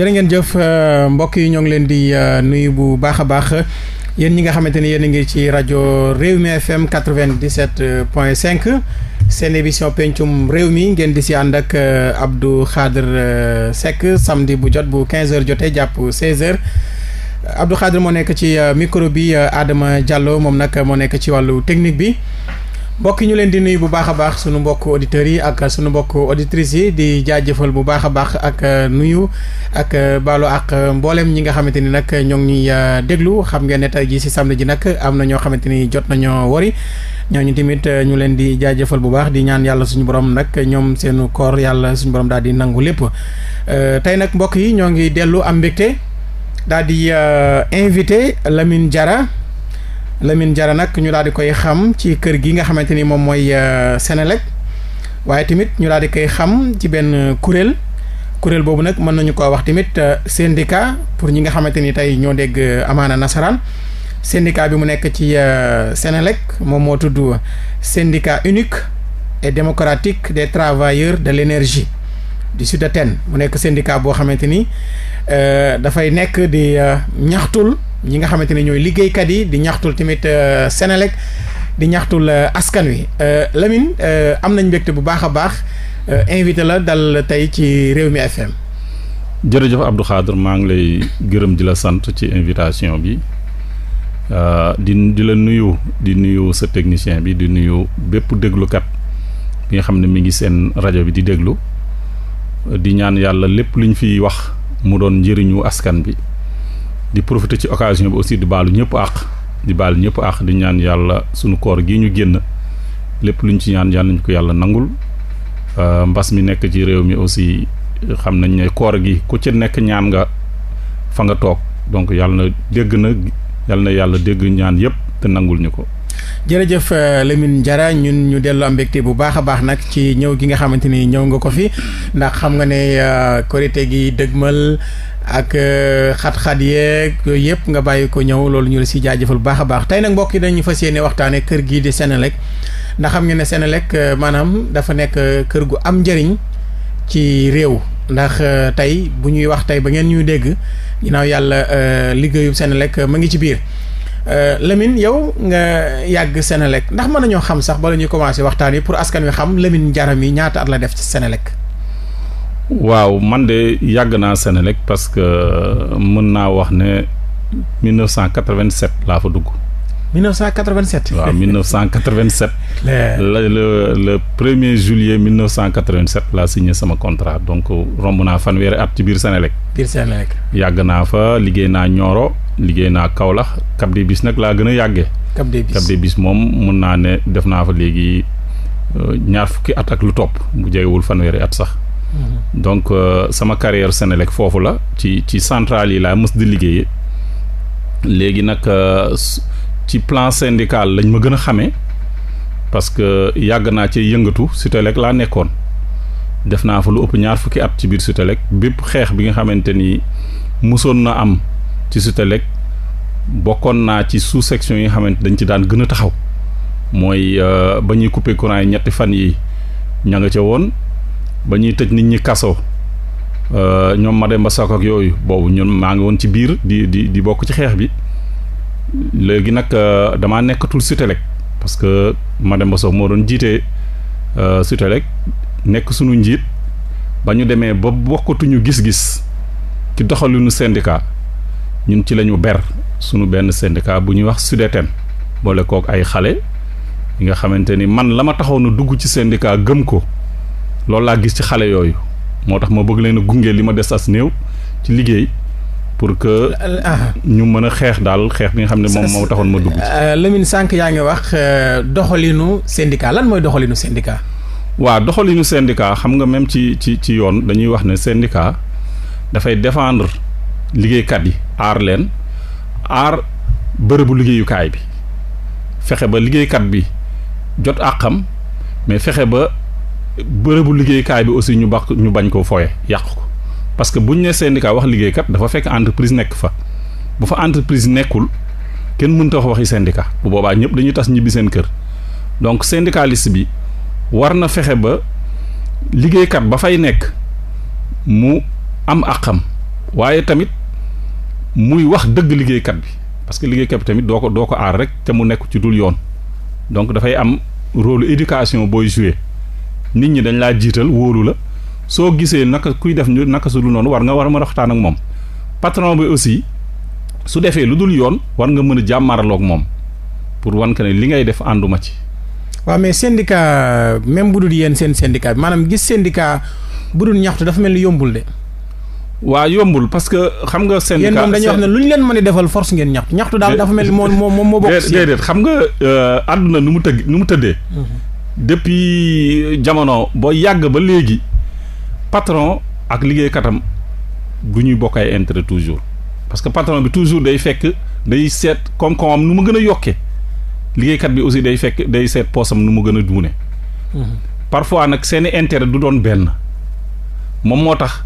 jërë ngeen jëf euh, mbokk yi ñoo ngi leen di euh, nuyu bu baax a baax yéen ñi nga xamante ni yéen a ngi ci rajo réew mi FM quatre vingt point cinq seen émission pencum réew mi ngeen di si ànd ak euh, Abdou Khadre Seck samedi bu jot bu quinze heures jotee jàpp seize heures. Abdou Khadre moo nekk ci micro bi aadama Diallo moom nag moo nekk ci wàllu technique bi. mbokk ñu leen di nuyu bu baax a baax suñu mbokk auditeurs yi ak suñu mbokk auditrices yi di jëfal bu baax a baax ak euh, nuyu ak euh, baalu ak mboolem ñi nga xamante ni nag ñoo ngi ñuy euh, déglu xam nga ne tey jii si samedi ji nag am na ñoo xamante ni jot nañoo wari ñooñu tamit ñu leen di jaajëfal bu baax di ñaan yàlla suñu borom nag ñoom seenu koor yàlla suñu borom daal di nangu lépp tey nag mbokk yi ñoo ngi dellu am mbégte daal di invité Lamine jara Lamine jara nag ñu daal di koy xam ci kër gi nga xamante ni moom mooy euh, Senelec waaye tamit ñu daal di koy xam ci benn kuréel kuréel boobu nag mën nañu ko wax tamit euh, syndicat pour ñi nga xamante ni tey ñoo dégg euh, amaana nasaraan syndicat bi mu nekk ci Senelec moom moo tudd syndicat unique et démocratique des travailleurs de l'énergie du Sudaten mu nekk syndicat boo xamante ni dafay nekk di ñaxtul ñi nga xamante ne ñooy liggéeykat yi di ñaxtul tamit euh, Senelec di ñaxtul euh, askan wi euh, Lamine am nañ mbégte bu baax a baax invité la dal tey ci réew mi FM. jërëjëf Abdou Khadre maa ngi lay gërëm di la sant ci invitation bi di di la nuyu di nuyu sa technicien bi di nuyu bépp déglukat bi nga xam ne mi ngi seen rajo bi di déglu di ñaan yàlla lépp luñ fiy wax mu doon njëriñu askan bi. di profité ci occasion bi aussi di baalu ñëpp àq di baalu ñëpp àq di ñaan yàlla sunu koor gi ñu génn lépp lu luñ ci ñaan yàlla nañ ko yàlla nangul euh, mbas mi nekk ci réew mi aussi xam nañ ne koor gi ku ci nekk ñaan nga fa nga toog donc yàlla na dégg na yàlla na yàlla dégg ñaan yëpp te nangul ñu ko. jërëjëf euh, Lamine Diarra ñun ñu dellu am mbégte bu baax a baax nag ci ñëw gi nga xamante ni ñëw nga ko fi ndax xam nga ne euh, korite gi dëgmal. ak euh, xat-xat yeeg yooyu yëpp nga bàyyi ko ñëw loolu ñu la si jaajëfal bu baax a baax tey nag mbokk yi dañu fa yéene waxtaanee kër gii di Senelec ndax xam nga ne Senelec euh, maanaam dafa nekk euh, kër gu am njëriñ ci réew ndax tey bu ñuy wax tey ba ngeen ñuy dégg ginnaaw yàlla liggéeyu Senelec mu ngi ci biir Lamine yow nga yàgg Senelec ndax mën nañoo xam sax bala ñuy commencé waxtaan yi pour askan wi xam Lamine Diarra yi ñaata at la def ci Senelec waaw man de yàgg naa Senelec parce que euh, mën naa wax ne 1987 laa fa dugg. 1987. waaw 1987. la le le premier juillet 1987 laa signé sama contrat donc romb naa fanweeri at ci biir Senelec. biir Senelec. yàgg naa fa liggéey naa Nioro liggéey naa Kaolack Cap bis nag laa gën a yàggee. Cap bis moom mun naa ne def naa fa léegi euh, ñaar fukki at ak lu topp mu jegewul fanweeri at sax. Mm-hmm. donc euh, sama carrière Senelec foofu la ci ci centrale yi laa mës di liggéeyee léegi nag euh, ci plan syndical lañ ma gën a xame parce que yàgg naa ci yëngatu Sutelec laa nekkoon def naa fa lu ëpp ñaar fukki at ci biir Sutelec bépp xeex bi nga xamante ni mosoon na am ci Sutelec bokkoon naa ci sous section yi nga xamante dañ ci daan gën a taxaw mooy euh, ba ñuy couper courant yi ñetti fan yi ña nga ca woon ba ñuy tëj nit ñi kaso euh, ñoom Mademba Sakho ak yooyu boobu ñun maa ngi woon ci biir di di di bokk ci xeex bi léegi nag euh, damaa nekkatul Sutelec parce que Mademba Sakho moo doon jiitee euh, Sutelec nekk suñu njiit ba ñu demee ba bokkatuñu gis-gis ci doxalinu syndicat ñun ci lañu ber suñu benn syndicat bu ñuy wax Sudeten boole kook ay xale yi nga xamante ni man la ma taxoon dugg ci syndicat gëm ko loolu laa gis ci xale yooyu moo tax ma bëgg leen a gunge li ma des as néew ci liggéey pour que ñu mën a xeex daal xeex bi nga xam ne moom moo taxoon ma dugg ci. Euh, Lamine Sànq yaa ngi wax euh, doxalinu syndicat lan mooy doxalinu syndicat. waaw doxalinu syndicat xam nga même ci ci ci yoon dañuy wax ne syndicat dafay défendre liggéeykat yi aar leen aar bërëbu liggéeyukaay bi fexe ba liggéeykat bi jot àqam mais fexe ba. bërëbu liggéeykaay bi aussi ñu bax ñu bañ koo foye yàq ko parce que buñ ne syndicat wax liggéeykat dafa fekk entreprise nekk fa bu fa entreprise nekkul kenn mënta wax waxi syndicat bu boobaa ñëpp dañuy tas ñibbi seen kër donc syndicaliste bi war na fexe ba liggéeykat ba fay nekk mu am àqam waaye tamit muy wax dëgg liggéeykat bi parce que liggéeykat bi tamit doo ko doo ko aar rek te mu nekk ci dul yoon donc dafay am rôle éducation booy jouer nit ñi dañ laa jiital wóolu la soo gisee naka kuy def ñu naka su noonu war nga war a mën a waxtaan ak moom patron bi aussi su defee lu dul yoon war nga mën a jàmmaraloog moom pour wan li ngay def ànduma ci. waaw mais syndicat même bu dul yéen seen syndicat bi maanaam gis syndicat bu dul ñaxtu dafa mel ni yombul de. waa yombul parce que xam nga. syndicat yéen moom dañuy wax ne lu ñu leen mën a defal force ngeen ñaxtu ñaxtu daal dafa mel ni moom moo moo bokk. si déedéet xam nga euh, àdduna nu mu tëgg nu mu tëddee. Mhm. depuis jamono boo yàgg ba léegi patron ak liggéeykatam du ñuy bokk ay intérêt toujours parce que patron bi toujours day fekk day seet koom-koomam nu mu gën a yokkee liggéeykat bi aussi day fekk day seet poosam nu mu gën a duune mhm. parfois nag seeni intérêt du doon benn moom moo tax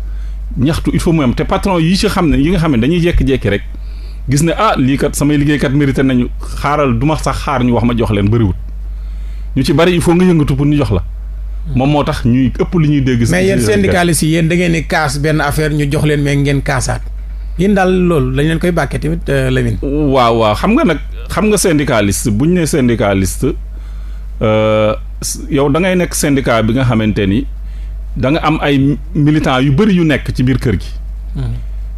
ñaxtu il faut mu am te patron yi ci xam ne yi nga xam ne dañuy jékki-jékki rek gis ne ah liikat kat samay liggéeykat mérité nañu xaaral du ma sax xaar ñu wax ma jox leen bëriwut ñu ci bari il faut nga yëngatu pour ñu jox la. moom moo tax ñuy ëpp li ñuy dégg. mais yéen syndicalistes yi yéen da ngeen ni kaas benn affaire ñu jox leen mais ngeen kaasaat. yéen daal loolu lañ leen koy bàkkee tamit euh, Lamine. waaw waaw xam nga nag xam nga syndicaliste bu ñu nee syndicaliste euh, yow da ngay nekk syndicat bi nga xamante ni da nga am ay militants yu bëri yu nekk ci biir kër gi. Hmm.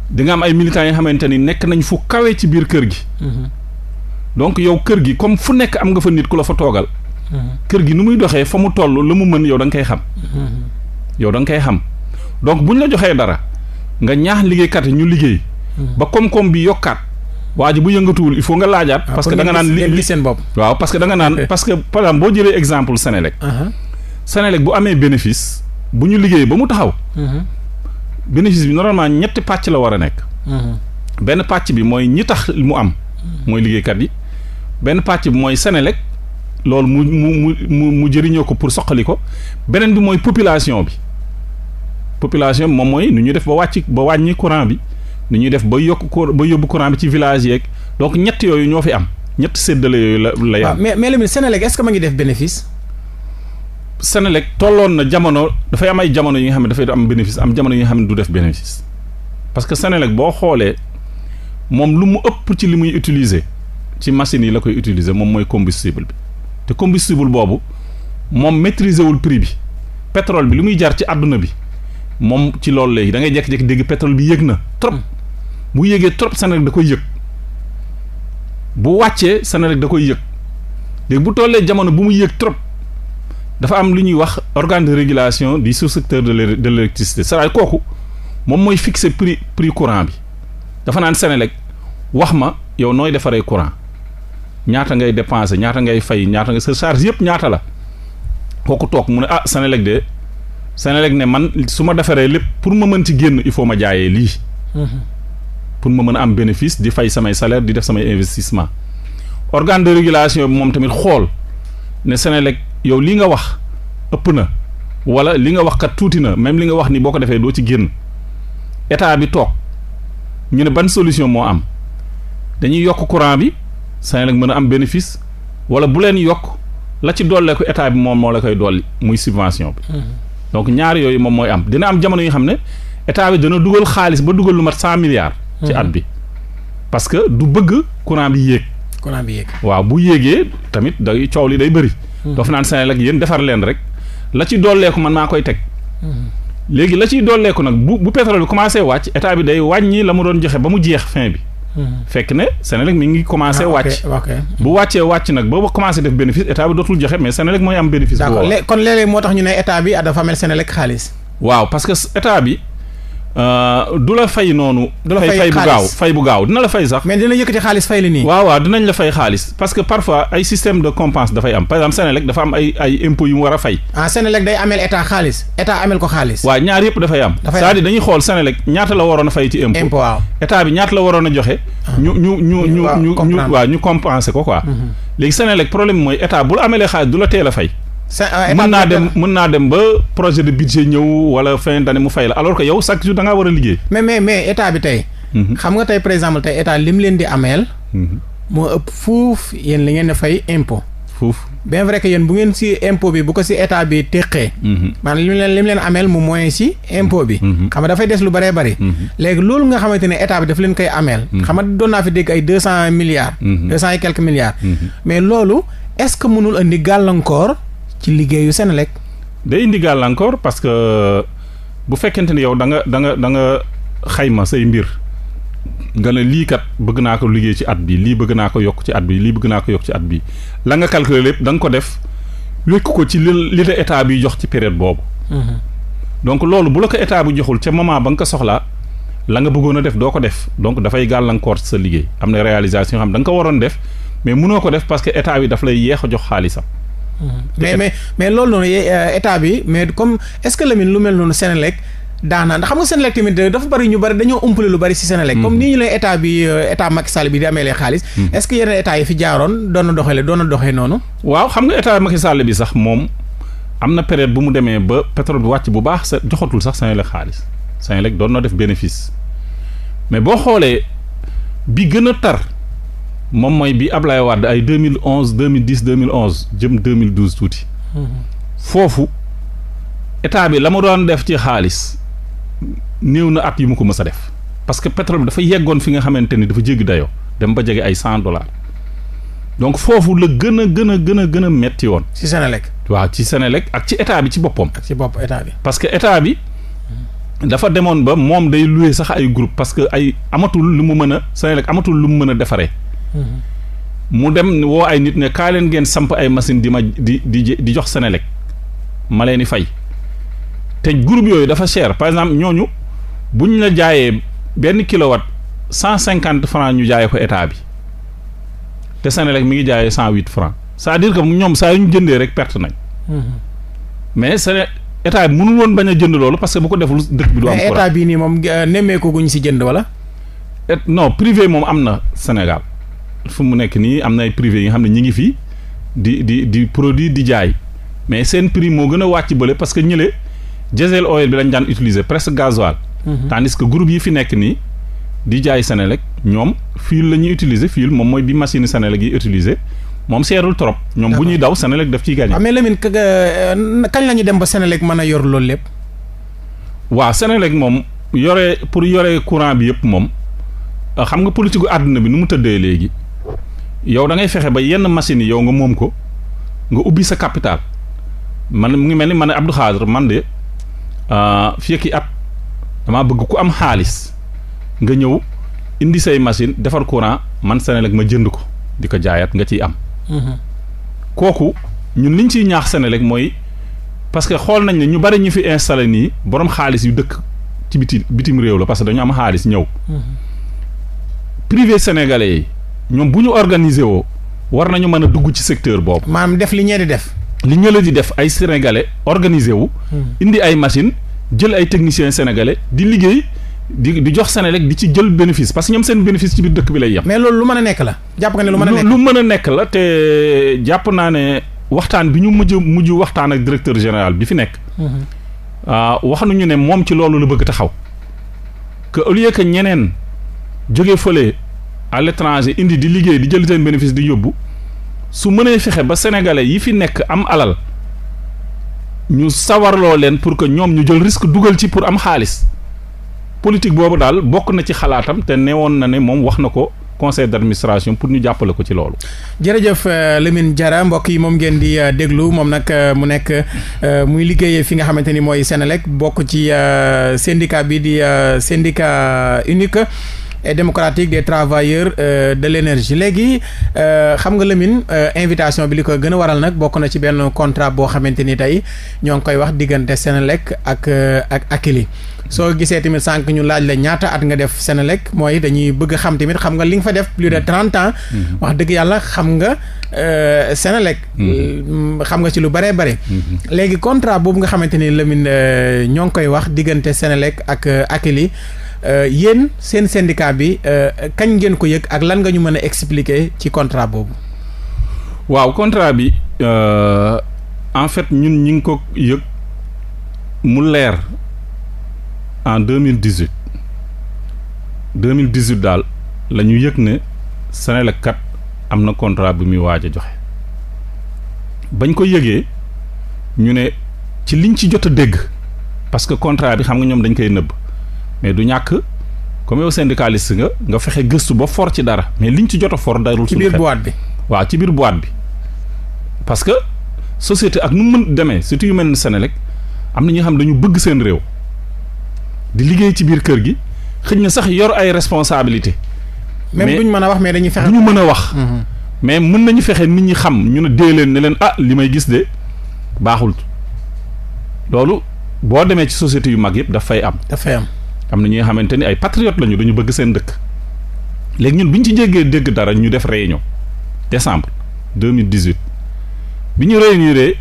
di am ay militants yoo xamante ni nekk nañu fu kawe ci biir kër gi. Hmm. donc yow kër gi comme fu nekk am nga fa nit ku la fa toogal. kër gi nu muy doxee fa mu toll la mu mën yow da nga koy xam. yow da nga koy xam donc bu ñu la joxee dara nga ñaax liggéeykat yi ñu liggéey. ba koom-koom bi yokkaat. waa ji bu yëngatuwul il faut nga laajaat. Ah, parce que da nga naan li li seen bopp. waaw parce que da nga naan parce que par exemple boo jëlee exemple Sénélec. Ah ah. Sénélec bu amee bénéfice bu ñu liggéey ba mu taxaw. Mm-hmm. bénéfice bi normalement ñetti pàcc la war a nekk. Mm-hmm. benn pàcc bi mooy ñi tax mu am. Mm-hmm. mooy liggéeykat yi benn pàcc bi mooy Sénélec loolu mu mu mu mu mu jëriñoo ko pour soqali ko beneen bi mooy population bi population bi moom mooy nu ñuy def ba wàcc ba wàññi courant bi nu ñuy def ba yokk ko ba yóbbu courant bi ci village yeeg donc ñett yooyu ñoo fi am ñett seddale yooyu la la yàlla. Ah, mais mais léegi Sénélec est-ce ma ngi def bénéfice. Sénélec tolloon na jamono dafay am ay jamono yi nga xam ne dafay am bénéfice am jamono yi nga xam ne du def bénéfice parce que Sénélec boo xoolee moom lu mu ëpp ci li muy utiliser ci machines yi la koy utiliser moom mooy combustible bi. te combustible boobu moom maîtriser wul prix bi pétrole bi li muy jar ci àdduna bi moom ci loolu léegi da ngay jékki dégg pétrole bi yëg na trop hmm. bu yéegee trop Senelec da koy yëg bu wàccee Senelec da koy yëg léegi bu tollee jamono bu mu yëg trop dafa am lu ñuy wax organe de régulation du sous-secteur de l' de l' électricité kooku moom mooy fixer prix prix courant bi dafa naan Senelec wax ma yow nooy defaree courant. ñaata ngay dépenser ñaata ngay fay ñaata nga sa charge yëpp ñaata la kooku toog mu ne ah Senelec de Senelec ne man su ma defaree lépp pour ma mën ci génn il faut ma jaayee lii. Mhm. pour ma mën a am bénéfice di fay samay salaire di def samay investissement organe de régulation bi moom tamit xool ne Senelec yow li nga wax ëpp na wala li nga wax kat tuuti na même li nga wax ni boo ko defee doo ci génn état bi toog ñu ne ban solution moo am dañuy yokk courant bi. Sénégal mën a am bénéfice wala bu leen yokk la ci dolleeku état bi moom moo la koy dolli muy subvention bi. Mhm. donc ñaar yooyu moom mooy am dina am jamono yi xam ne état bi dana dugal xaalis ba dugal lu mat cent milliards. ci mhm. at bi parce que du bëgg courant bi yéeg. courant bi yéeg waaw bu yéegee tamit day coow li day bëri. Mhm. dafa naan Sénégal ak yéen defar leen rek la ci dolleeku man maa koy teg. léegi la ciy dolleeku nag bu bu pétrole bi commencé wàcc état bi day wàññi la mu doon joxe ba mu jeex fin bi. fekk ne Senelec mi ngi commencé ah, wàcc bu wàccee wàcc nag booba commencé def bénéfice état bi dootul joxe mais Senelec mooy am bénéfice d'accord kon léeg-léeg moo tax ñu ne état bi dafa amel Senelec xaalis waaw parce que bi Euh, du la fay noonu. du la fay fay bu gaaw fay bu gaaw dina la fay sax. mais dina yëkkati xaalis fay la nii. waaw waaw dinañ la fay xaalis parce que parfois ay système de compense dafay am par exemple Sénélec dafa am ay ay yu mu war a fay. ah day amel état xaalis état amel ko xaalis. waa ñaar yëpp dafay am. dafay am c'est-à-dire dañuy xool Sénélec ñaata la waroon a fay ci impôt. impôt bi ñaata la waroon a joxe. ñu ah. ñu ñu ñu ñu ñu waaw ñu compenser ko quoi. Mm-hmm. léegi Sénélec problème mooy état bu la amelee xaalis la teel fay mën naa dem mën naa dem ba projet de budget ñëw wala fin d'année mu fay la alors que yow chaque jour da ngaa war a liggéey. mais mais mais état bi tey. Mhm. xam nga tey par exemple tey état lim leen di ameel. Mhm. moo ëpp fuuf yéen li ngeen di fay impôt. fuuf bien vrai que yéen bu ngeen si impôt bi bu ko si état bi teqee. Mhm. maanaam lim leen lim leen ameel mu moyen si impôt bi. xam nga dafay des lu bëree bëri. léegi loolu nga xamante ne état bi daf leen koy ameel. xam nga doon naa fi dégg ay deux cent milliards. deux cent et quelques loolu est-ce que mënul indi gàllankoor. ci liggéeyu lekk day indi gàllankoor parce que bu fekkente ni yow da nga da nga da nga xayma say mbir nga ne lii kat bëgg naa ko liggéey ci at bi lii bëgg naa ko yokk ci at bi lii bëgg naa ko yokk ci at bi la nga calculer lépp danga ko def wékk ko ci li li la état bi jox ci période boobu mhm. donc loolu bu la ko état bi joxul ca moment ba nga ko soxlaa la nga bëggoon a def doo ko def donc dafay gàllankoor sa liggéey am na réalisation yoo xam da nga ko waroon def mais mënoo ko def parce que état bi daf lay yéex a jox xaalisam Mm-hmm. mais mais mais loolu noonu euh, état bi mais comme est-ce que Lamine lu mel noonu Senelec daanaa ndax xam nga Senelec tamit dafa bari ñu bari dañoo umpale lu bari ci Senelec comme mm-hmm. nii ñu leen état bi euh, état Macky Sall bi di amee lee xaalis mm-hmm. est-ce que yeneen état yi fi jaaroon doon na doxale doon na doxee noonu waaw xam nga état Macky bi sax moom am na période bu mu demee ba pétrole bi wàcc bu baax sa joxatul sax Senelec xaalis Senelec doon na def bénéfice mais boo xoolee bi gën a tar moom mooy bi Ablaye Wade ay 2011 2010 2011 jëm 2012 tuuti. foofu état bi la mu doon def ci xaalis néew na at yu mu ko mës a def parce que pétrole bi dafa yeggoon fi nga xamante ni dafa jéggi dayoo dem ba jege ay cent dollars donc foofu la gën a gën a gën a gën a metti woon. ci Sénélec. waaw ci Sénélec ak ci état bi ci boppam. ak ci état bi. parce que état bi dafa demoon ba moom day loué sax ay groupe parce que ay amatul lu mu mën a Sénélec amatul lu mu mën a defaree. mu dem woo ay nit ne kaa leen ngeen samp ay machine di ma di di di jox Senelec ma leen di fay te groupe yooyu dafa cher par exemple ñooñu buñ la jaayee benn kilowatt cent cinquante franc ñu jaayee ko état bi te Senelec mi ngi jaayee cent huit franc c'est-à-dire que ñoom saa yu ñu jëndee rek perte nañ. Mm-hmm. mais Senelec état bi mënul woon bañ a jënd loolu parce que bu ko deful dëkk bi. du am courant mais état bi nii moom euh, nemmeeku guñ si jënd wala. non privé moom am na Sénégal. fu mu nekk nii am na ay privé yi nga xam ne ñi ngi fii di di di produit di jaay mais seen prix moo gën a wàcc bële parce que ñële diesel oil bi lañ daan utiliser presque gasoil mhm. tandis que groupe yi fi nekk nii di jaay Senelec ñoom fuel la ñuy utiliser fuel moom mooy bi machine Senelec yi utiliser moom seerul trop ñoom bu ñuy daw Senelec def ciy gagné. Ah, mais Lamine euh, kañ lañu dem ba Senelec mën a yor loolu lépp. waaw Senelec moom yore pour yore courant bi yëpp moom euh, xam nga politique gu àdduna bi nu mu tëddee léegi. yow da ngay fexe ba yenn machines yow nga moom ko nga ubbi sa capital man mu ngi mel ni man Abdou Khadre man de ah, fii ki at damaa bëgg ku am xaalis nga ñëw indi say machine defar courant man Senelec ma jënd ko di ko jaayaat nga ciy am. Mm-hmm. kooku ñun liñ ciy ñaax Senelec mooy parce que xool nañ ne ñu bari ñu fi installé nii borom xaalis yu dëkk ci biti bitim réew la parce que dañu am xaalis ñëw. Mm-hmm. privé sénégalais ñoom bu ñu organiser woo war nañu mën a dugg ci secteur boobu. maam def li ñee di def. li ñële di def ay sénégalais organiser wu. Hmm. indi ay machines jël ay techniciens sénégalais di liggéey. di di jox rek di ci jël bénéfice parce que ñoom seen bénéfice ci biir dëkk bi lay yem. mais loolu lu mën a nekk la. jàpp nga ne lu mën a nekk lu mën a nekk la te jàpp naa ne waxtaan bi ñu mujj mujj waxtaan ak directeur général bi fi nekk. Hmm. Ah, wax nañu ne moom ci loolu la bëgg taxaw. que au ñeneen jóge fële à l'étranger indi di liggéey di jël seen bénéfice di yóbbu su mënee fexe ba sénégalais yi fi nekk am alal ñu sawarloo leen pour que ñoom ñu jël risque dugal ci pour am xaalis politique boobu daal bokk na ci xalaatam te woon na ne moom wax na ko conseil d'administration pour ñu jàppale ko ci loolu. jërëjëf euh, Lamine jara mbokk yi moom ngeen di euh, déglu moom nag euh, mu nekk muy liggéeyee fi nga xamante ni mooy Senelec bokk ci syndicat bi di syndicat unique. et démocratique des travailleurs euh, de l'énergie léegi euh, xam nga Lamine euh, invitation bi li ko gën a waral nag bokk na ci benn contrat boo xamante ni tey ñoo ngi koy wax diggante seen lekk ak euh, ak Akilee soo gisee tamit sànq ñu laaj la ñaata at nga def Senelec mooy dañuy bëgg xam tamit xam nga li nga fa def plus de trente ans. Mm-hmm. wax dëgg yàlla xam nga euh, Senelec. Mm-hmm. xam nga ci lu baree bare. Mm-hmm. léegi contrat boobu nga xamante ni Lamine euh, ñoo ngi koy wax diggante Senelec ak euh, Akilee yéen seen syndicat bi kañ ngeen ko yëg ak lan nga ñu mën a expliquer ci contrat boobu. waaw contrat bi en fait ñun ñu ngi ko yëg mu leer. en deux mille dix huit deux mille dix huit daal la ñu yëg ne Senelec kat am na contrat bu muy waaj a joxe bañ ko yëgee ñu ne ci li ñu ci jot a dégg parce que contrat bi xam nga ñoom dañ koy nëbb mais du ñàkk comme yow syndicaliste nga nga fexe gëstu ba for ci dara mais li liñ ci jot a for darul. ci biir boîte bi waaw ci biir boîte bi parce que société ak nu mu mën demee surtout yu mel ni Senelec am na ñoo xam dañu bëgg seen réew. di liggéey ci biir kër gi xëj na sax yor ay responsabilité même duñ mën a wax mais dañuy fexe duñu mën a wax mhm. mais mën nañu fexe nit ñi xam ñu ne dee leen ne leen ah li may gis de baaxul loolu boo demee ci société yu mag yëpp daf fay am daf am na ñi nga xamante ni ay patriote lañu dañu bëgg seen dëkk léegi ñun bi ñu ci jéggee dégg dara ñu def réunion décembre deux mille dix-huit bi ñu réuniree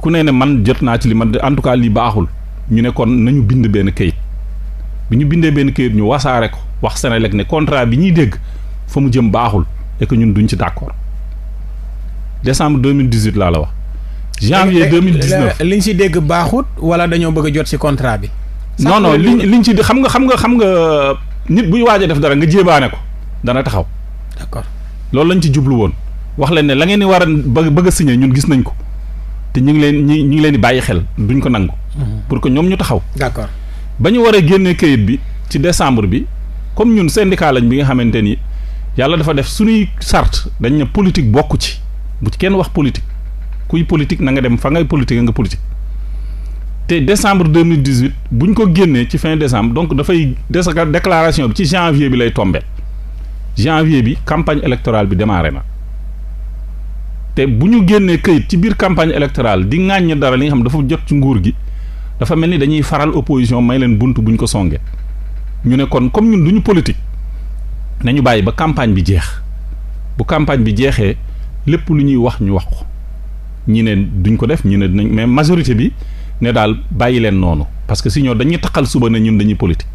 ku ne ne man jot naa ci li man en tout cas li baaxul ñu ne kon nañu bind benn kayit bi ñu bindee benn kayit ñu wasaare ko wax Senelec ne contrat bi ñuy dégg fa mu jëm baaxul et ñun duñ ci d'accord décembre 2018 laa la wax. janvier 2019 liñ ci dégg baaxut wala dañoo bëgg a jot ci contrat bi. non non li liñ ci xam nga xam nga xam nga nit buy waaj a def dara nga jéebaane ko dana taxaw. d'accord loolu lañ ci jublu woon wax leen ne la ngeen di war a bëgg a ñun gis nañ ko. te ñu ngi leen ñi ñu ngi leen di bàyyi xel duñ ko nangu. Mhm. pour que ñoom ñu taxaw. d'accord ba ñu war a kayit bi ci décembre bi comme ñun syndicat bi nga xamante ni yàlla dafa def suñuy sart dañ ne politique bokku ci bu kenn wax politique kuy politique na nga dem fa ngay politique nga politique. te décembre deux mille dix huit buñ ko génnee ci fin décembre donc dafay déclaration bi ci janvier bi lay tombé janvier bi campagne électorale bi démarré na. te bu ñu génnee këyit ci biir campagne électorale di ŋàññ dara li nga xam dafa jot ci nguur gi dafa mel ni dañuy faral opposition may leen bunt bu ñu ko songe ñu ne kon comme ñun duñu ñu politique nañu bàyyi ba campagne bi jeex bu campagne bi jeexee lépp lu ñuy wax ñu wax ko ñi ne duñ ko def ñi ne dinañ mais majorité bi ne daal bàyyi leen noonu parce que si ñoo dañuy taqal suba ne ñun dañuy politique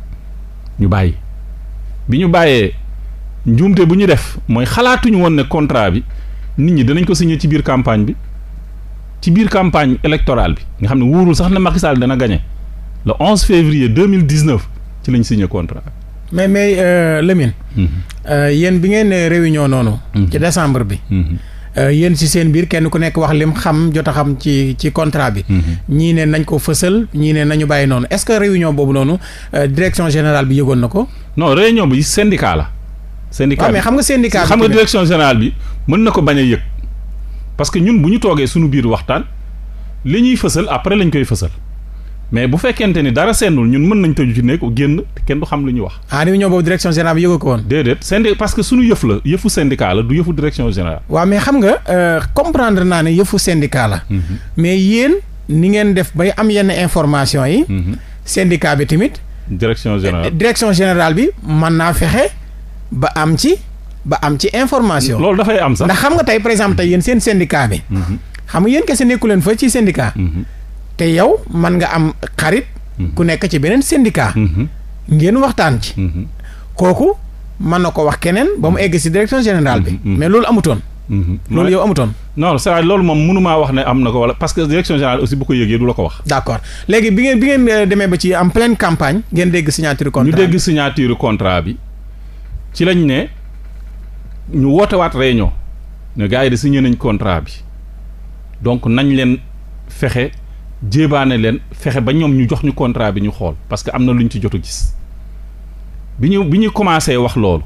ñu bàyyi bi ñu bàyyee njuumte bu ñu def mooy xalaatuñu woon ne contrat bi nit ñi danañ ko signé ci biir campagne bi ci biir campagne électorale bi nga xam ne wóorul sax ne Macky Sall dana gagné le 11 février 2019 ci lañ signé contrat. mais mais euh, Lamine. Mm yéen bi ngeen ne réunion noonu. Mhm. ci mm bi. Mm yéen ci seen biir kenn ku nekk wax lim xam jot a xam ci ci contrat bi. Mhm. ñii ne nañ ko fësal ñii ne nañu bàyyi noonu est-ce que réunion boobu noonu euh, direction générale bi yëgoon na ko. non réunion bi syndicat la. syndicat bi mais xam nga syndicat xam nga direction générale bi mën na ko bañ a yëg. parce que ñun bu ñu toogee suñu biir waxtaan li ñuy fësal après lañ koy fësal mais bu fekkente ni dara seenul ñun mën nañ tëju ci nekk génn te kenn du xam lu ñu wax. ah réunion boobu direction générale bi yëgu ko woon. déedéet syndicat que suñu yëf la yëfu syndicat la du yëfu direction générale. xam nga euh, comprendre naa ne yëfu syndicat la. Mhm. mais yéen ni ngeen def bay am yenn information yi. Mhm. syndicat bi tamit. direction générale direction générale bi mën naa fexe. ba am ci ba am ci information. loolu dafay am sax ndax xam nga tey par exemple tey yéen seen syndicat bi. Mm-hmm. xam nga yéen kese nekku leen fa ci syndicat. Mm-hmm. te yow mën nga am xarit. Mm-hmm. ku nekk ci beneen syndicat. ngeen waxtaan ci. kooku mën na ko wax keneen ba mu egg si direction générale bi. mais loolu amutoon. loolu yow amutoon. non c'est vrai loolu moom mënumaa wax ne am na ko wala parce que direction générale aussi bu ko yëgee du la ko wax. d'accord léegi euh, contrat ñu ci lañ ne ñu wootewaat réunion ne gars yi de signé nañ contrat bi donc nañ leen fexe jéebaane leen fexe ba ñoom ñu jox ñu contrat bi ñu xool parce que am na lu ñu ci jotu a gis bi ñu bi ñu commencé wax loolu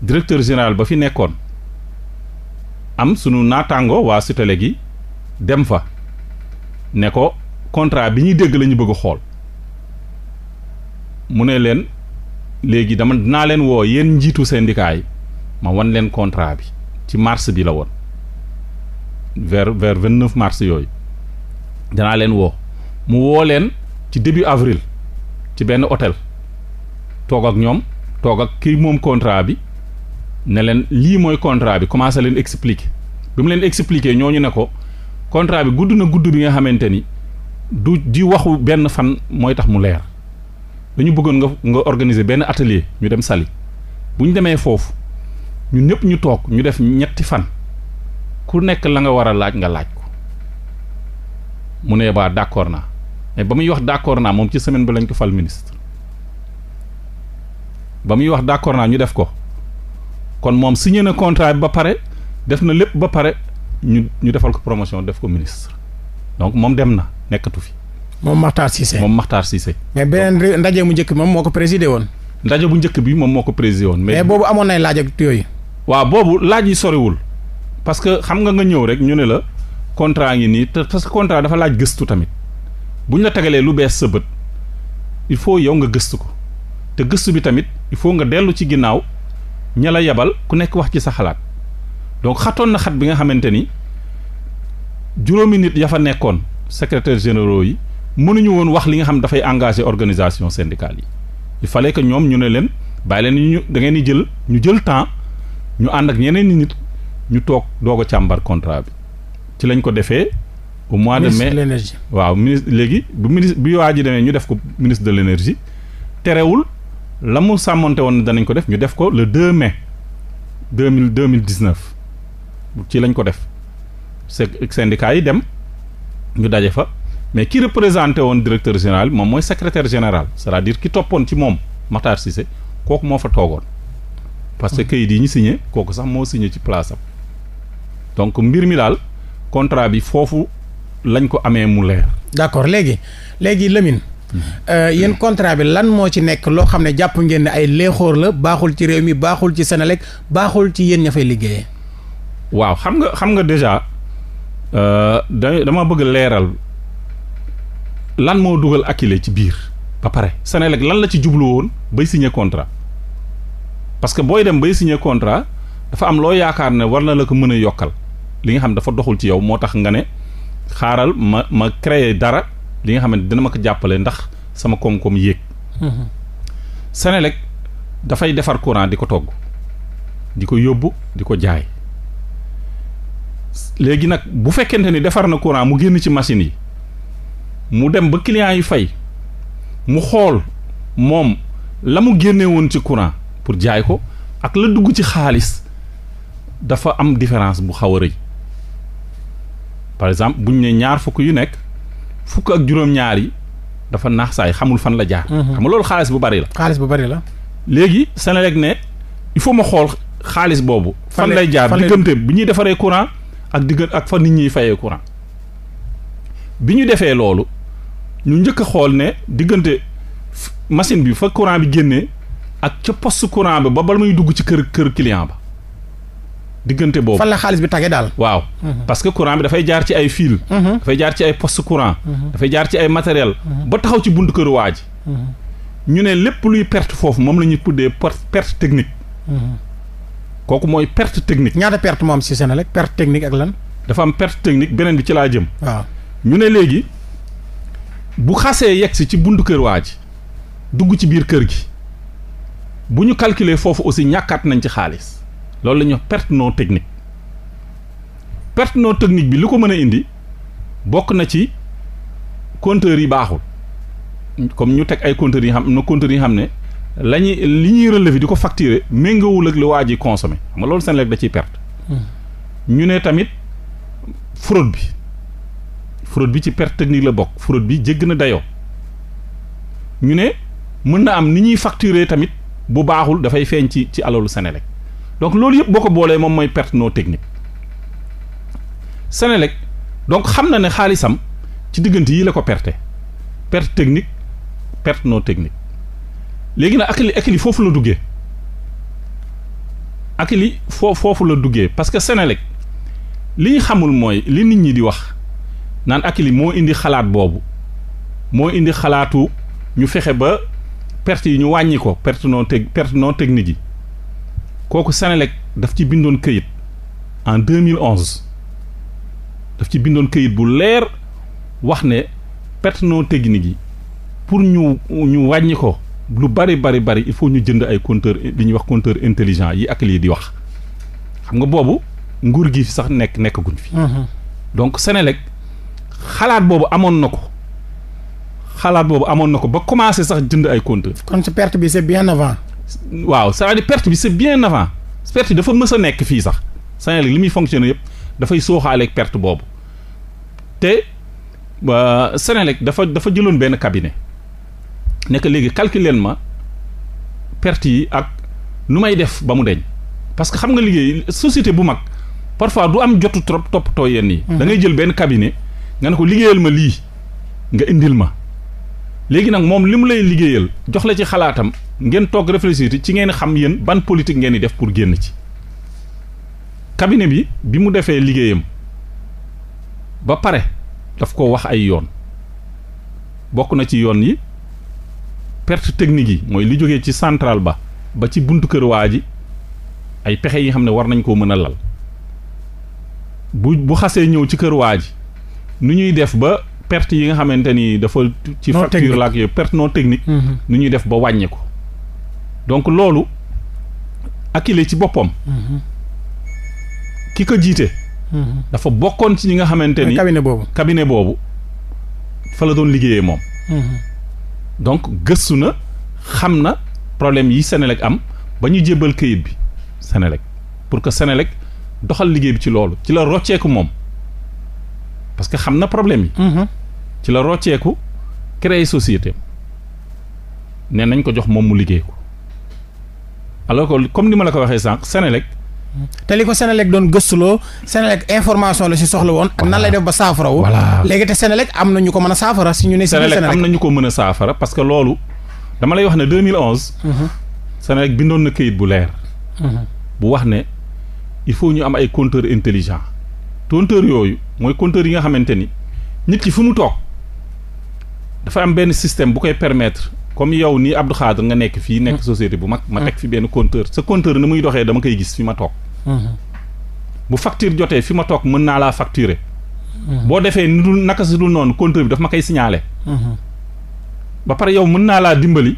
directeur général ba fi nekkoon am sunu naataangoo waa Sutelec gi dem fa ne ko contrat bi ñuy dégg lañu bëgg xool mu ne leen léegi dama dinaa leen woo yéen njiitu syndicat yi ma wan leen contrat bi ci mars bi la woon vers vers vingt neuf mars yooyu danaa leen woo mu woo leen ci début avril ci benn hôtel toog ak ñoom toog ak kii moom contrat bi ne leen lii mooy contrat bi commencé leen expliquer bi mu leen ñoo ñu ne ko contrat bi gudd na gudd bi nga xamante ni du di waxu benn fan mooy tax mu leer dañu bëggoon nga nga organiser benn atelier ñu dem sali bu ñu demee foofu ñun ñëpp ñu toog ñu def ñetti fan ku nekk la nga war a laaj nga laaj ko mu ne baa d'accord naa mais ba muy wax d'accord naa moom ci semaine bi lañ ko fal ministre ba muy wax d'accord naa ñu def ko kon moom signé na contrat bi ba pare def na lépp ba pare ñu ñu defal ko promotion def ko ministre donc moom dem na nekkatu fi. moom Makhtar Cissé moom Makhtar Cissé. mais beneen ndaje mu njëkk moom moo ko présidé woon. ndaje bu njëkk bi moom moo ko présidé woon. mais boobu amoon nay laaj ak yooyu. waaw boobu laaj yi soriwul. parce que xam nga nga ñëw rek ñu ne la contrat ngi nii te parce que contrat dafa laaj gëstu tamit bu ñu la tegalee lu bees sa bët il faut yow nga gëstu ko te gëstu bi tamit il faut nga dellu ci ginnaaw ña la yebal ku nekk wax ci sa xalaat donc xatoon na xat bi nga xamante ni juróomi nit ya fa nekkoon secrétaire généraux yi. mënuñu woon wax li nga xam dafay engagé organisation syndicale yi il fallait que ñoom ñu ne leen bàyyi leen ñu da di jël ñu jël temps ñu ànd ak ñeneen nit ñu toog doog a càmbar contrat bi ci lañ ko defee. au mois de mai ministre waaw ministre léegi bu ministre bi waa ji demee ñu def ko ministre de l' terewul la mu sàmmonte woon danañ ko def ñu def ko le 2 mais deux mille deux mille dix neuf ci lañ ko def syndicat yi dem ñu daje fa. mais ki représenté woon directeur général moom mooy secrétaire général c'est-à-dire ki toppoon ci moom Matar Cissé kooku moo fa toogoon parce que hmm. kayit yi ñu signé kooku sax moo signé ci place am donc mbir mi daal contrat bi foofu lañ ko amee mu leer. d'accord léegi léegi Lamine. Hmm. Euh, yéen hmm. contrat bi lan moo ci nekk loo xam ne jàpp ngeen ne ay léexoor la baaxul ci réew mi baaxul ci Senelec baaxul ci yéen ña fay liggéeyee. waaw xam nga xam nga déjà euh, dama bëgg leeral lan moo dugal Akilee ci biir ba pare Senelec lan la ci jublu woon bay signé contrat parce que booy dem bay signé contrat dafa am loo yaakaar ne war na la ko mën a yokkal li nga xam dafa doxul ci yow moo tax nga ne xaaral ma ma créer dara li nga xam ne dina ma ko jàppale ndax sama koom-koom yéeg. Mhm. Senelec dafay defar courant di ko togg di ko yóbbu di ko jaay léegi nag bu fekkente ni defar na courant mu génn ci machine yi. mu dem ba client yi fay mu xool moom la mu génne woon ci courant pour jaay ko ak la dugg ci xaalis dafa am différence bu xaw a rëy par exemple ñu ne ñaar fukk yu nekk fukk ak juróom-ñaar yi dafa naax saay xamul fan la jaar. Mhm. xam loolu xaalis bu bari la. xaalis bu bari la. léegi Senelec ne il faut ma xool xaalis boobu. fan lay jaar diggante bi ñuy defaree courant ak diggante ak fa nit ñuy fayee courant bi ñu defee loolu. ñu njëkk a xool ne diggante machine bi fa courant bi génnee ak ca post courant bi ba bala muy dugg ci kër kër client ba diggante boobu. fan la xaalis bi tagee daal. waaw mhm. parce que courant bi dafay jaar ci ay fil. Mhm. dafay jaar ci ay post courant. Mhm. dafay jaar ci ay matériel ba taxaw ci buntu kër waa ji. ñu ne lépp luy perte foofu moom la ñuy tuddee perte technique. kooku mooy perte technique. ñaata perte moom am si Senelec perte technique ak lan. dafa am perte technique beneen bi ci laa bu xasee yegg si ci buntu kër waa ji dugg ci biir kër gi bu ñu calculer foofu aussi ñàkkaat nañ ci xaalis loolu la ñuy perte non technique perte non technique bi li ko mën a indi bokk na ci compteurs yi baaxul comme ñu teg ay compteurs yi xam na compteurs yi xam ne la ñuy li ñuy relevé di ko facturer méngawul ak li waa ji consommé xam loolu seen lekk da ciy perte. Hmm. ñu ne tamit fraude bi. fraude bi ci perte technique la bokk fraude bi jégg na dayoo ñu ne mën na am ni ñuy facturer tamit bu baaxul dafay feeñ ci ci alalu Senelec donc loolu yëpp boo ko boolee moom mooy perte non technique Senelec donc xam na ne xaalisam ci diggante yi la ko perte perte technique perte non technique léegi nag akili akili foofu la duggee akili foo foofu la duggee parce que Senelec li ñu xamul mooy li nit ñi di wax naan Akili moo indi xalaat boobu moo indi xalaatu ñu fexe ba perte yi ñu wàññi ko perte non teg perte non technique yi kooku Senelec daf ci bindoon këyit en 2011 daf ci bindoon këyit bu leer wax ne perte non technique yi pour ñu ñu wàññi ko lu bari bari bari il faut ñu jënd ay compteur li ñuy wax compteur intelligent yi ak lii di wax xam nga boobu nguur gi fi sax nekk nekkaguñ fi. Mm-hmm. donc Senelec xalaat boobu amoon na ko xalaat boobu amoon na ko ba commencé sax jënd ay compteur kon ci perte bi c'est bien avant. waaw sa à perte bi c'est bien navant perte bi dafa a nekk fii sax Sénégal li muy fonctionner yëpp dafay sooxaaleeg perte boobu te euh, Sénégal dafa dafa jëloon benn cabinet nekk léegi calculer ma perte yi ak nu may def ba mu deñ parce que xam nga liggéey société bu mag parfois du am jotu trop toppatoo yenn yi. Mhm. da ngay jël benn cabinet. nga ne ko liggéeyal ma lii nga indil ma léegi nag moom li mu lay liggéeyal jox la ci xalaatam ngeen toog réfléchir ci ngeen xam yéen ban politique ngeen di def pour génn ci cabinet bi bi mu defee liggéeyam ba pare daf ko wax ay yoon bokk na ci yoon yi perte technique yi mooy li jógee ci centrale ba ba ci buntu kër waa ji ay pexe yi xam ne war nañ koo mën a lal bu bu xasee ñëw ci kër waa ji nu ñuy def ba perte yi nga xamante ni dafa ci facture la ak perte non technique mm-hmm. nu ñuy def ba wàññi ko donc loolu Akile ci boppam mm-hmm. ki ko jiite mm-hmm. dafa bokkoon ci ñi nga xamante ni cabinet boobu cabinet boobu fa la doon liggéeyee moom donc gëstu na xam na problème yi Senelec am ba ñu jébbal kayit bi Senelec pour que Senelec doxal liggéey bi ci loolu ci la rocceeku moom parce que xam na problème yi. Mm-hmm. ci la rocceeku créer société ne nañ ko jox moom mu liggéey ko alors que comme ni ma la ko waxee sànq Sénélec. te li ko Sénélec doon gëstuloo Sénélec information la si soxla woon. ak nan lay def ba saafara wu. léegi te Sénélec am na ñu ko mën a saafara si ñu ne. Sénélec am na ñu ko mën a saafara parce que loolu dama lay wax ne 2011. bi mm-hmm. bindoon na këyit bu leer. Mm-hmm. bu wax ne il faut ñu am ay compteurs intelligents. compteur yooyu mooy compteur yi nga xamante ni nit ki fu mu toog dafa am benn système bu koy permettre comme yow nii Abdou Khadre nga nekk fii nekk mm. société bu mag ma teg mm. fi benn compteur sa compteur ni muy doxee dama koy gis fi ma toog mm-hmm. bu facture jotee fi ma toog mën naa laa facturer mm-hmm. boo defee ni dul naka si dul noonu compteur bi daf ma koy siñaale mm-hmm. ba pare yow mën naa laa dimbali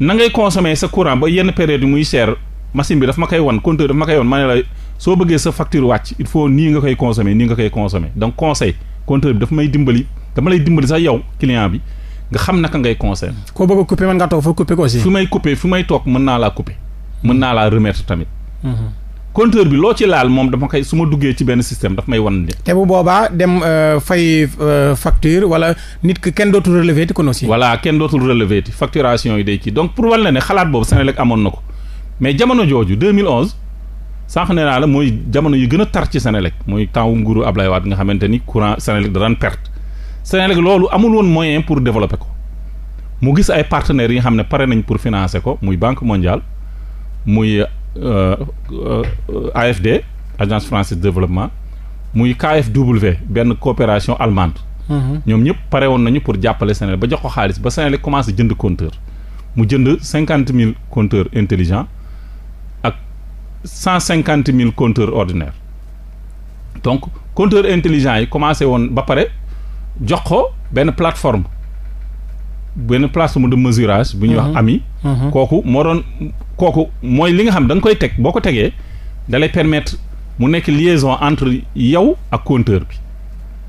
na ngay consommer sa courant ba yenn période yi muy cher machine bi dafa ma koy wan compteur bi ma ne la soo bëggee sa facture wàcc il faut nii nga koy consommer nii nga koy consommer donc conseil compteur bi dafa may dimbali dama lay dimbali sax yow client bi nga xam naka ngay conseil koo bëgg a couper mën nga toog foo couper ko aussi. fi may couper fi may toog mën naa laa couper mën naa laa remettre tamit. Mhm. compteur bi loo ci laal moom dama koy su ma duggee ci benn système dafa may wan ne. te bu boobaa dem euh, fay euh, facture wala nit ki kenn dootul relevé ti kon aussi. voilà kenn dootul relevé ti yi day kii donc pour wan la ne xalaat boobu Senelec amoon na ko mais jamono jooju 2011. sànq nee naa la mooy jamono yu gën a tar ci Senelec mooy temps wu nguuru Ablaye Wade nga xamante ni courant Senelec da daan perte Senelec loolu amul woon moyen pour développer ko mu gis ay partenaires yi nga xam ne pare nañ pour financer ko muy banque mondiale muy euh, euh, euh, AFD agence française de développement muy KfW benn coopération allemande. Mhm. ñoom ñëpp pare woon nañu pour jàppale Senelec ba jox ko xaalis ba Senelec commencé jënd compteur mu jënd cinquante mille compteurs intelligents cent cinquante mille compteurs ordinaires donc compteurs intelligents yi commencé woon ba pare jox ko benn plateforme benn plateforme de mesurage. bu ñuy wax mhm. ami. Mhm. kooku moo doon kooku mooy li nga xam da koy teg boo ko tegee dalay lay permettre mu nekk liaison entre yow ak compteur bi.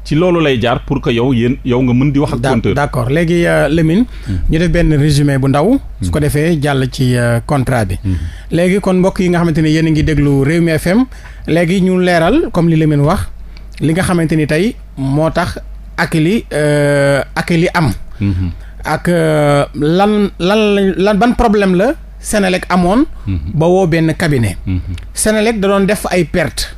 ci loolu lay jaar pour que yow yéen yow nga mën di wax ak compteur. d'accord léegi euh, Lamine. ñu def benn résumé bu ndaw. su ko defee jàll ci euh, contrat bi. Mhm. léegi kon mbokk yi nga xamante ni yéen a ngi déglu Rewmi FM léegi ñu leeral comme li Lamine wax li nga xamante ni tey moo tax ak li euh, ak li am. Mhm. ak lan lan lan ban problème la Senelec amoon. Mhm. ba woo benn cabinet. Senelec da doon def ay perte.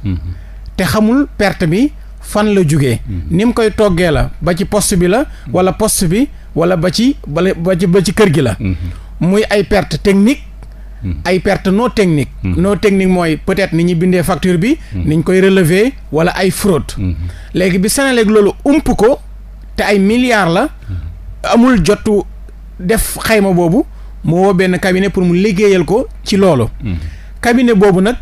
te xamul perte bi. fan la jugee mhm. ni mu koy toggee la ba ci post bi la mhm. wala post bi wala ba ci bala ba ci kër gi la mhm. muy ay perte technique ay perte non technique non technique mooy peut-être ni ñu bindee facture bi ni ñu koy relever wala ay fraude léegi bi Senelec loolu ump ko te ay milliards la amul jotu def xayma boobu mu woo benn cabinet pour mu liggéeyal ko ci loolu cabinet boobu nag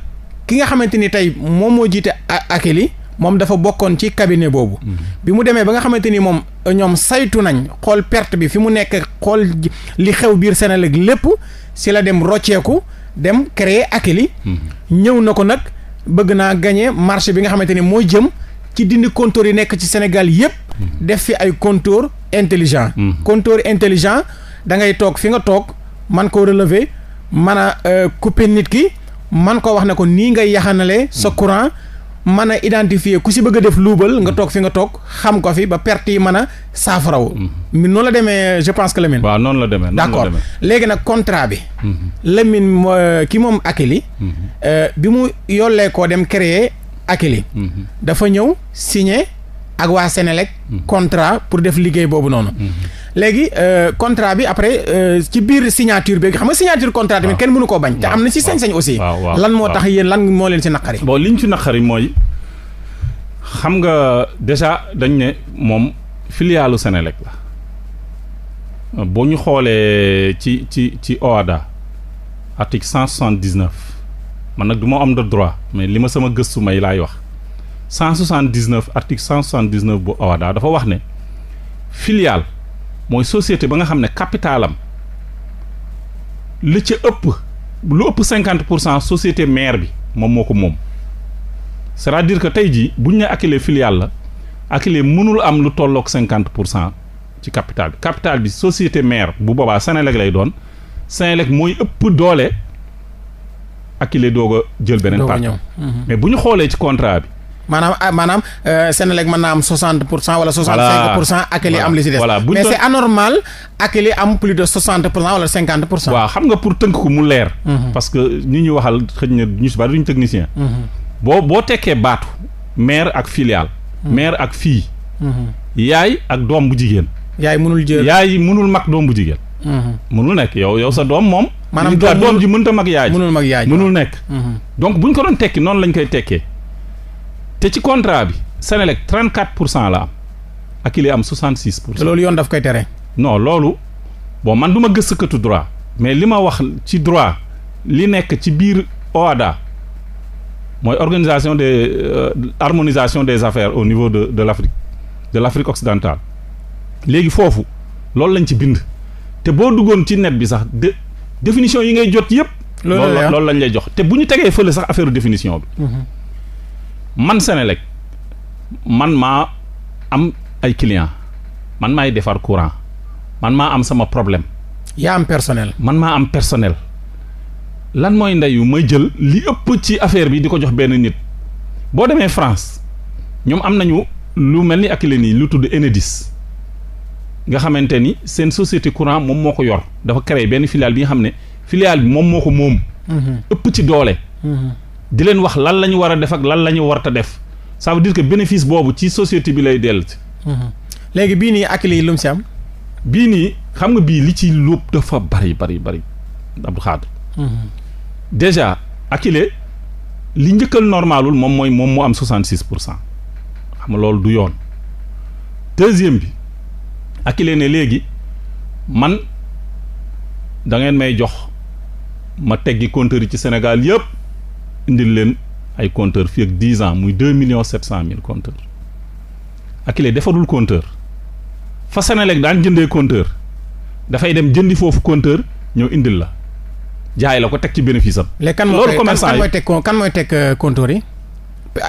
ki nga xamante ni tey moom moo jiite akeli moom dafa bokkoon ci cabinet boobu. Mhm. bi mu demee ba nga xamante ni moom euh, ñoom saytu nañ xool perte bi fi mu nekk xool li xew biir Senelec lépp si la dem rocceeku dem créer Akilee. Mhm. ñëw na ko nag bëgg naa gañe marché bi nga xamante ni moo jëm ci dindi compteur yi nekk ci Sénégal yépp. Mhm. def fi ay compteur intelligent. compteur intelligent da ngay toog fi nga toog man koo relever man a euh, couper nit ki man ko wax na ko nii ngay yaxanalee sa courant. mën a identifier ku si bëgg a def luubal nga toog fi nga toog xam ko fi ba perte yi mën a saafaraw mm-hmm. mi noonu la demee je pense que Lamine waaw noonu la demee d'accord léegi nag contrat bi mm-hmm. Lamine euh, ki moom Akili mm-hmm. euh, bi mu yollee koo dem créer Akili dafa ñëw signer ak waa Sénélec contrat pour def liggéey boobu noonu léegi euh, contrat bi après euh, ci biir signature bi xam nga signature contrat tamit kenn mënu koo bañ. te am na ci sañ-sañ aussi. lan moo tax yéen lan moo leen ci naqari. bon liñ ci naqari mooy xam nga déjà dañ ne moom filialu Senelec la boo ñu xoolee ci ci ci oada article cent soixante dix neuf man nag du ma am de droit mais li ma sama gëstu may laay wax cent soixante dix neuf article cent soixante dix neuf bu OHADA dafa wax ne filiale. mooy société ba nga xam ne capitalam li ci ëpp lu ëpp cinquante pour cent société mère bi moom moo ko moom c'est-à-dire que tey jii buñ ne Akilee filiale la Akilee mënul am lu tolloog cinquante pour cent ci capital bi capital bi société mère bu boobaa Senelec lay doon Senelec mooy ëpp doole Akilee doog a jël beneen part mais bu ñu xoolee ci contrat bi maanaam ah, maanaam euh, Senelec mën naa am soixante pour cent wala soixante cinq pour cent Akilee am li si des mais c'est anormal Akilee am plus de soixante pour cent wala cinquante pour cent waaw xam nga pour tënk ko mu leer mhm. parce que ñi ñu waxal xëj ñu si bari duñu technicien mhm. boo boo tekkee baatu mère ak filiale mère mhm. ak fii yaay ak doom bu jigéen yaay mënul jël yaay mënul mag doom bu jigéen mënul nekk yow yow sa doom moom maanaam doom ji mënta mag yaay mënul mag yaay mënul nekk donc buñ ko doon tekki noonu lañ koy tekkee te ci contrat bi Senelec 34 pour cent la am ak am 66 pour cent. te loolu yoon daf koy tere. non loolu bon man du ma gëstukatu droit mais li ma wax ci droit li nekk ci biir OHADA mooy organisation des euh, harmonisation des affaires au niveau de de l'Afrique de l'Afrique occidentale léegi foofu loolu lañ ci bind te boo duggoon ci net bi sax de définition yi ngay jot yépp loolu loolu lañ lay jox te bu ñu tegee fële sax affaire définition bi. Mhm. man Senelec man maa am ay client man maay defar courant man maa am sama problème. yaa am personnel. man maa am personnel. lan mooy ndeyu may jël li ëpp ci affaire bi di ko jox benn nit boo demee France ñoom am nañu lu mel ni ak leen nii lu tudd Enedis nga xamante ni seen société courant moom moo ko yor dafa créé benn filiale bi nga xam ne filiale bi moom moo ko moom. Mhm. ëpp ci doole. Mhm. di leen wax lan la ñu war a def ak lan la ñu warta def ça veut dire que bénéfice boobu ci société bi lay si mhm. léegi bii nii ak lii si am. bii nii xam nga bii li ci luub dafa bari bari bari Abdou Khadre. Mhm. déjà Akile li njëkkal normalul moom mooy moom mu am 66 pour cent xam nga loolu du yoon deuxième bi Akile ne léegi man da ngeen may jox ma teggi compteur ci Sénégal yëpp indil leen ay compteur fi ak dix ans muy deux millions sept cent mille compteur ak il defarul compteur fa Senelec daan jëndee compteur dafay dem jëndi foofu compteur ñëw indil la jaay la ko teg ci bénéfice am. loolu commerçant yi kan mooy kan mooy teg euh, compteur yi.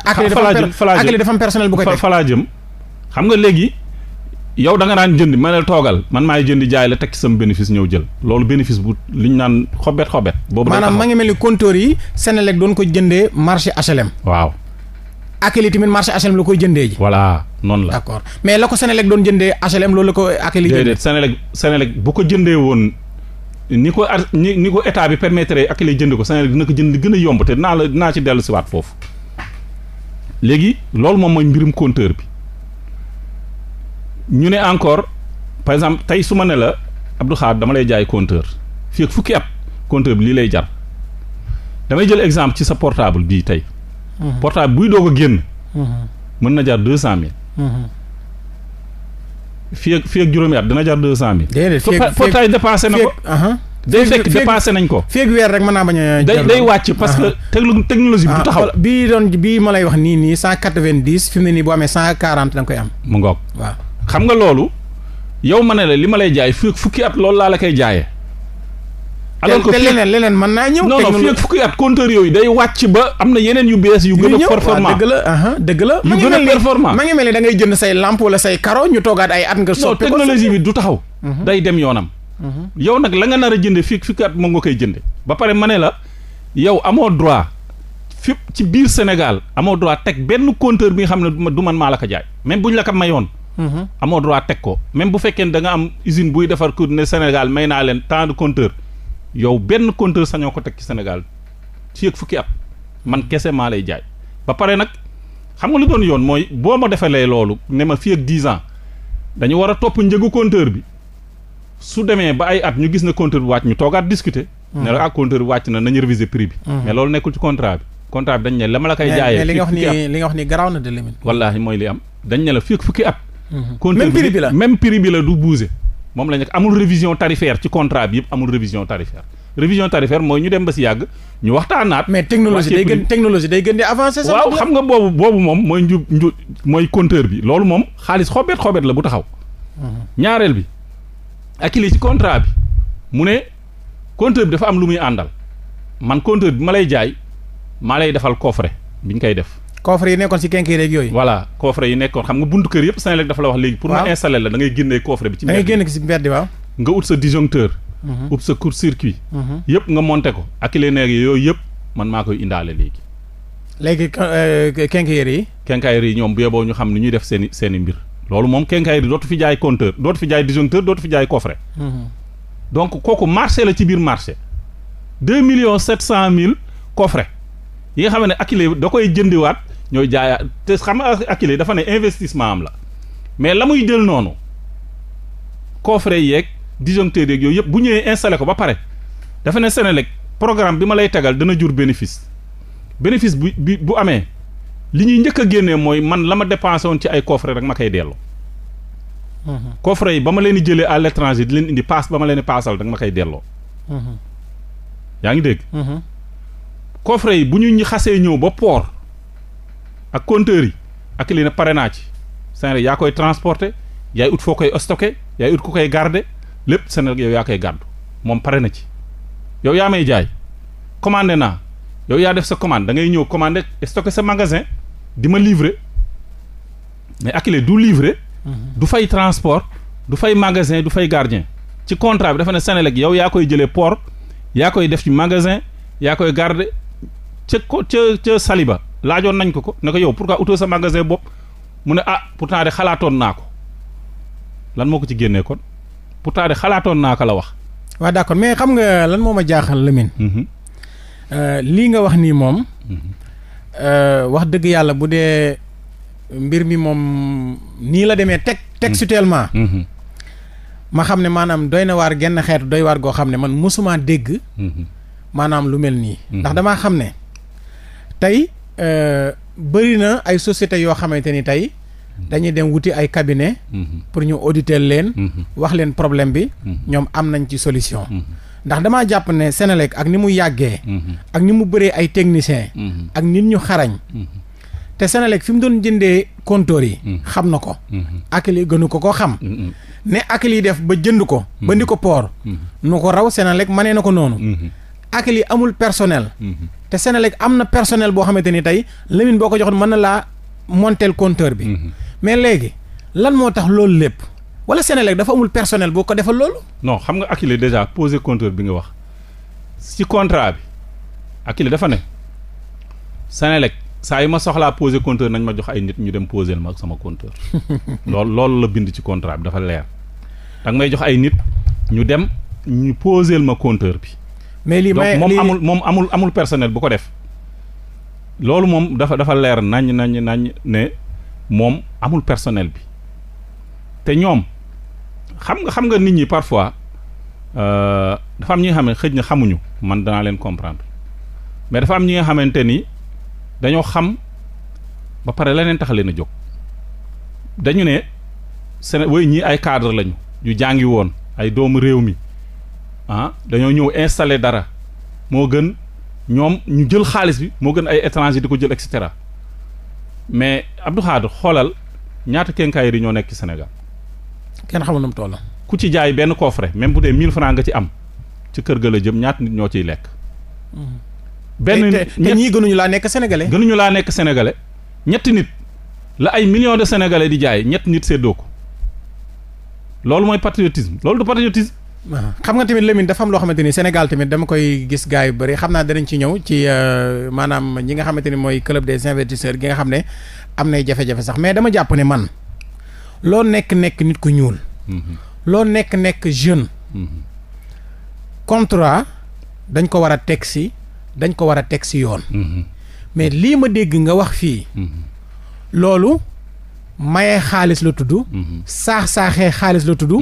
ak il dafa am personnel bu koy teg fa jëm xam nga léegi. yow da nga daan jënd ma ne toogal man maay jënd jaay la tekki sama bénéfice ñëw jël loolu bénéfice bu li ñu naan xobet xobet. boobu maanaam ma ngi mel ni compteur yi Senelec doon ko jëndee marché HLM. waaw. Akilee tamit marché HLM la koy jëndee ji. voilà noonu la. d'accord mais la ko Senelec doon jënde HLM loolu la ko Akilee. déedéet Senelec Senelec bu ko jëndee woon ni ko ni ni ko état bi permettre Akilee jënd ko Senelec dina ko jënd gën a yomb te dinaa la dinaa ci dellu siwaat foofu loolu moom mooy mbirum compteur bi. ñu ne encore par exemple tey su ma ne la Abdou Khadre dama lay jaay compteur fii ak fukki at compteur bi lii lay jar damay jël exemple ci sa portable bii tey. Mhm. portable buy doog a génn. Mhm. mën na jar deux cent mille. Mhm. fii ak fii ak juróomi at dana jar deux cent mille. déedéet fii na ko. day fekk dépassé nañ ko. féeg weer rek mën naa bañ a. day day wàcc parce que. technologie bu ah, taxaw bii doon bii ma lay wax nii nii cent quatre vingt dix ne nii boo amee cent quarante da nga koy am. mu ngoog xam nga loolu yow ma ne la li ma lay jaay fii fukki at loolu laa la koy jaaye alors que te leneen leneen mën naa ñëw. non non fii ak fukki at compteur yooyu day wàcc ba am na yeneen yu bees yu gën a performant dëgg la dëgg la yu gën a performant ma ngi mel ni dangay jënd say lampe wala say karo ñu toogaat ay at nga soppi ko technologie bi du taxaw mhm. day dem yoonam mhm. yow nag la nga nar a jënde fii fukki at moom nga koy jënde ba pare ma ne la yow amoo droit fépp ci biir Sénégal amoo droit teg benn compteur bi nga xam ne du man maa la ko jaay même buñ la ko mayoon amoo droit teg ko même bu fekkee ne da nga am usine buy defar ku ne Sénégal may naa leen tant de compteur yow benn compteur sañoo ko teg ci Sénégal ci yëg fukki at man kese maa lay jaay ba pare nag xam nga lu doon yoon mooy boo ma defalee loolu ne ma fi ak 10 ans dañu war a topp njëgu compteur bi su demee ba ay at ñu gis na compteur bi wàcc ñu toogaat discuter. ne la ah compteur bi wàcc na nañu réviser prix bi. Mm-hmm. mais nekkul ci contrat bi. contrat bi dañ ni li nga mooy am dañ ne la fii ak at. Mhm. contrat même prix bi la prix bi la du bouger moom la ñu amul révision tarifaire ci contrat bi yëpp amul révision tarifaire révision tarifaire mooy ñu dem ba si yàgg ñu waxtaanaat. mais technologie day gën technologie day gën di avancer. sax waaw xam nga boobu boobu moom mooy njub njub mooy compteur bi loolu moom xaalis xobet xobet la bu taxaw. Mhm. ñaareel bi ak li ci contrat bi mu ne compteur bi dafa am lu muy àndal man compteur bi ma lay jaay maa lay defal coffret bi ñu koy def. coffre yi nekkoon si kenkeer yeeg yooyu voilà coffre yi nekkoon xam nga buntu kër yëpp Senelec dafa la wax léegi pour ma installer la da ngay génnee coffre bi ci mbedd da ngay nga ut sa disjoncteur mhm. ut sa court circuit mhm. yëpp nga monté ko ak lineer yooyu yëpp man maa koy indaale léegi léegi euh, kenkeer yi kenkeer yi ñoom bu yeboo ñu xam ni ñuy def seen i seen i mbir loolu moom kenkeer yi dootu fi jaay compteur dootu fi jaay disjoncteur dootu fi jaay coffre mhm. donc kooku marché la ci biir marché deux millions sept cent mille coffre yi xam ne akile da koy jëndiwaat ñoo jaayaat te xam Akilee dafa ne investissement am la mais la muy jël noonu coffre yeeg disjoncteur yeeg yooyu yëpp bu ñëwee installé ko ba pare dafa ne Senelec programme bi ma lay tegal dana jur bénéfice bénéfice bu bi bu amee li ñuy njëkk génnee mooy man la ma dépensé woon ci ay coffre rek ma koy delloo. Mhm. coffre yi ba ma leen jëlee à l'étranger di leen indi paas ba ma leen di paasal rek ma koy delloo. Mhm. yaa ngi dégg. Mhm. coffre yi bu ñu xasee ñëw ba port ak compteurs yi ak li ne pare naa ci Senelec yaa koy transporter yaay ut foo koy stocké yaay ut ku koy garder lépp Senelec yow yaa koy gàddu moom pare na ci yow yaa may jaay commandé naa yow yaa def sa commande da ngay ñëw commandé stocké sa magasin di ma livrer mais Akilee du livrer mhm. du fay transport du fay magasin du fay gardien ci contrat bi dafa ne Senelec yow yaa koy jëlee port yaa koy def ci magasin yaa koy garder ca ca ca Saliba laajoon nañ ko ko ne ko yow pourquoi utoo sa magasin bopp mu ne ah pourtant xalaatoon naa ko lan moo ko ci génnee kon pourtant xalaatoon naa ko la wax. waa waaw d'accord mais xam nga lan moo ma jaaxal Lamine. Mhm. Euh, lii nga wax nii moom. Mhm. Euh, wax dëgg yàlla bu dee mbir mi moom nii la demee teg teg textuellement. Mhm. ma xam ne maanaam doy na waar genn xeetu doy waar goo xam ne man mosuma dégg. maanaam lu mel nii. ndax damaa xam ne tey. Euh, bëri na ay sociétés yoo xamante ni tey dañuy dem wuti ay cabinet mhm. pour ñu auditer leen mhm. wax leen problème bi mhm. ñoom am nañ ci solution ndax damaa jàpp ne Senelec ak ni mu yàggee ak ni mu bëree ay techniciens ak nit ñu xarañ te Senelec fi mu doon jëndee compteur yi xam na ko Akilee gënu ko ko xam ne Akilee def ba jënd ko ba ndi ko poor nu ko raw Senelec manee na ko noonu yi amul personnel. te Senelec am na personnel boo xamante ni tey Lamine boo ko joxoon mën na laa monter compteur bi. Mhm. mais léegi lan moo tax loolu lépp. wala Senelec dafa amul personnel boo ko defal loolu. non xam nga Akilee déjà posé compteur bi nga wax ci contrat bi Akilee dafa ne Senelec saa yi ma soxlaa posé compteur nañ ma jox ay nit ñu dem posé ma ak sama compteur lool loolu la bind ci contrat bi dafa leer danga may jox ay nit ñu dem ñu posé ma compteur bi. mais li may moom amul moom amul amul personnel bu ko def loolu moom dafa dafa leer nañ nañ nañ ne moom amul personnel bi te ñoom xam nga xam nga nit ñi parfois euh, dafa am ñi nga xam ne xamuñu man danaa leen comprendre mais dafa am ñi nga xamante ni dañoo xam ba pare leneen tax leen a jóg dañu ne seen way ñii ay cadre lañu yu jàngi woon ay doomu réew mi ah dañoo ñëw installer dara moo gën ñoom ñu jël xaalis bi moo gën ay étranger di ko jël et cetera mais Abdou Khadre xoolal ñaati ñaata quincailleries ñoo nekk ci Sénégal. kenn xamul nu mu toll. ku ci jaay benn coffret même bu dee 1000 francs nga ci am ci kër ga la jëm ñaata nit ñoo ciy lekk. Mm-hmm. benn ñi gënuñu laa nekk sénégalais. gënuñu laa nekk sénégalais ñetti nit la ay millions de sénégalais di jaay ñetti nit séddoo ko loolu mooy patriotisme loolu du patriotisme. xam nga tamit lemin dafa am loo xamante ni Sénégal tamit dama koy gis gars yu bëri xam naa danañ ci ñëw ci euh, maanaam ñi nga xamante ni mooy club des investisseurs gi nga xam ne am nay jafe-jafe sax mais dama jàpp ne man loo nekk-nekk nit ku ñuul mhm. loo nekk-nekk jeune mhm. contra dañ ko war a teg si dañ ko war a teg si yoon mhm. mais lii ma dégg nga wax fii loolu mayee xaalis la tudd saax-saaxee xaalis la tudd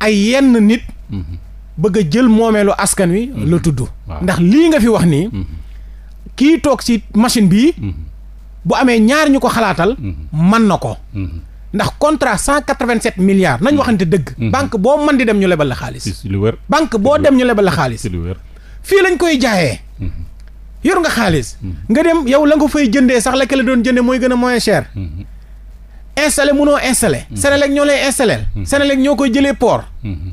ay yenn nit mhm. bëgg a jël moomeelu askan wi mhm. la tudd ndax lii nga fi wax nii mhm. kii toog ci machine bii bu amee ñaar ñu ko xalaatal man na ko ndax contrat cent quatre-vingt-sept milliards nañ waxante dëgg banque boo mën di dem ñu lebal la xaalis lu wér banque boo dem ñu lebal la xaalis lu wér fii lañ koy jaayee yor nga xaalis nga dem yow la nga fay jëndee sax la ke la doon jëndee mooy gën a moins cher installé mënoo installé. Mhm. Senelec ñoo lay installé. Mhm. Senelec ñoo koy jëlee port. Mhm.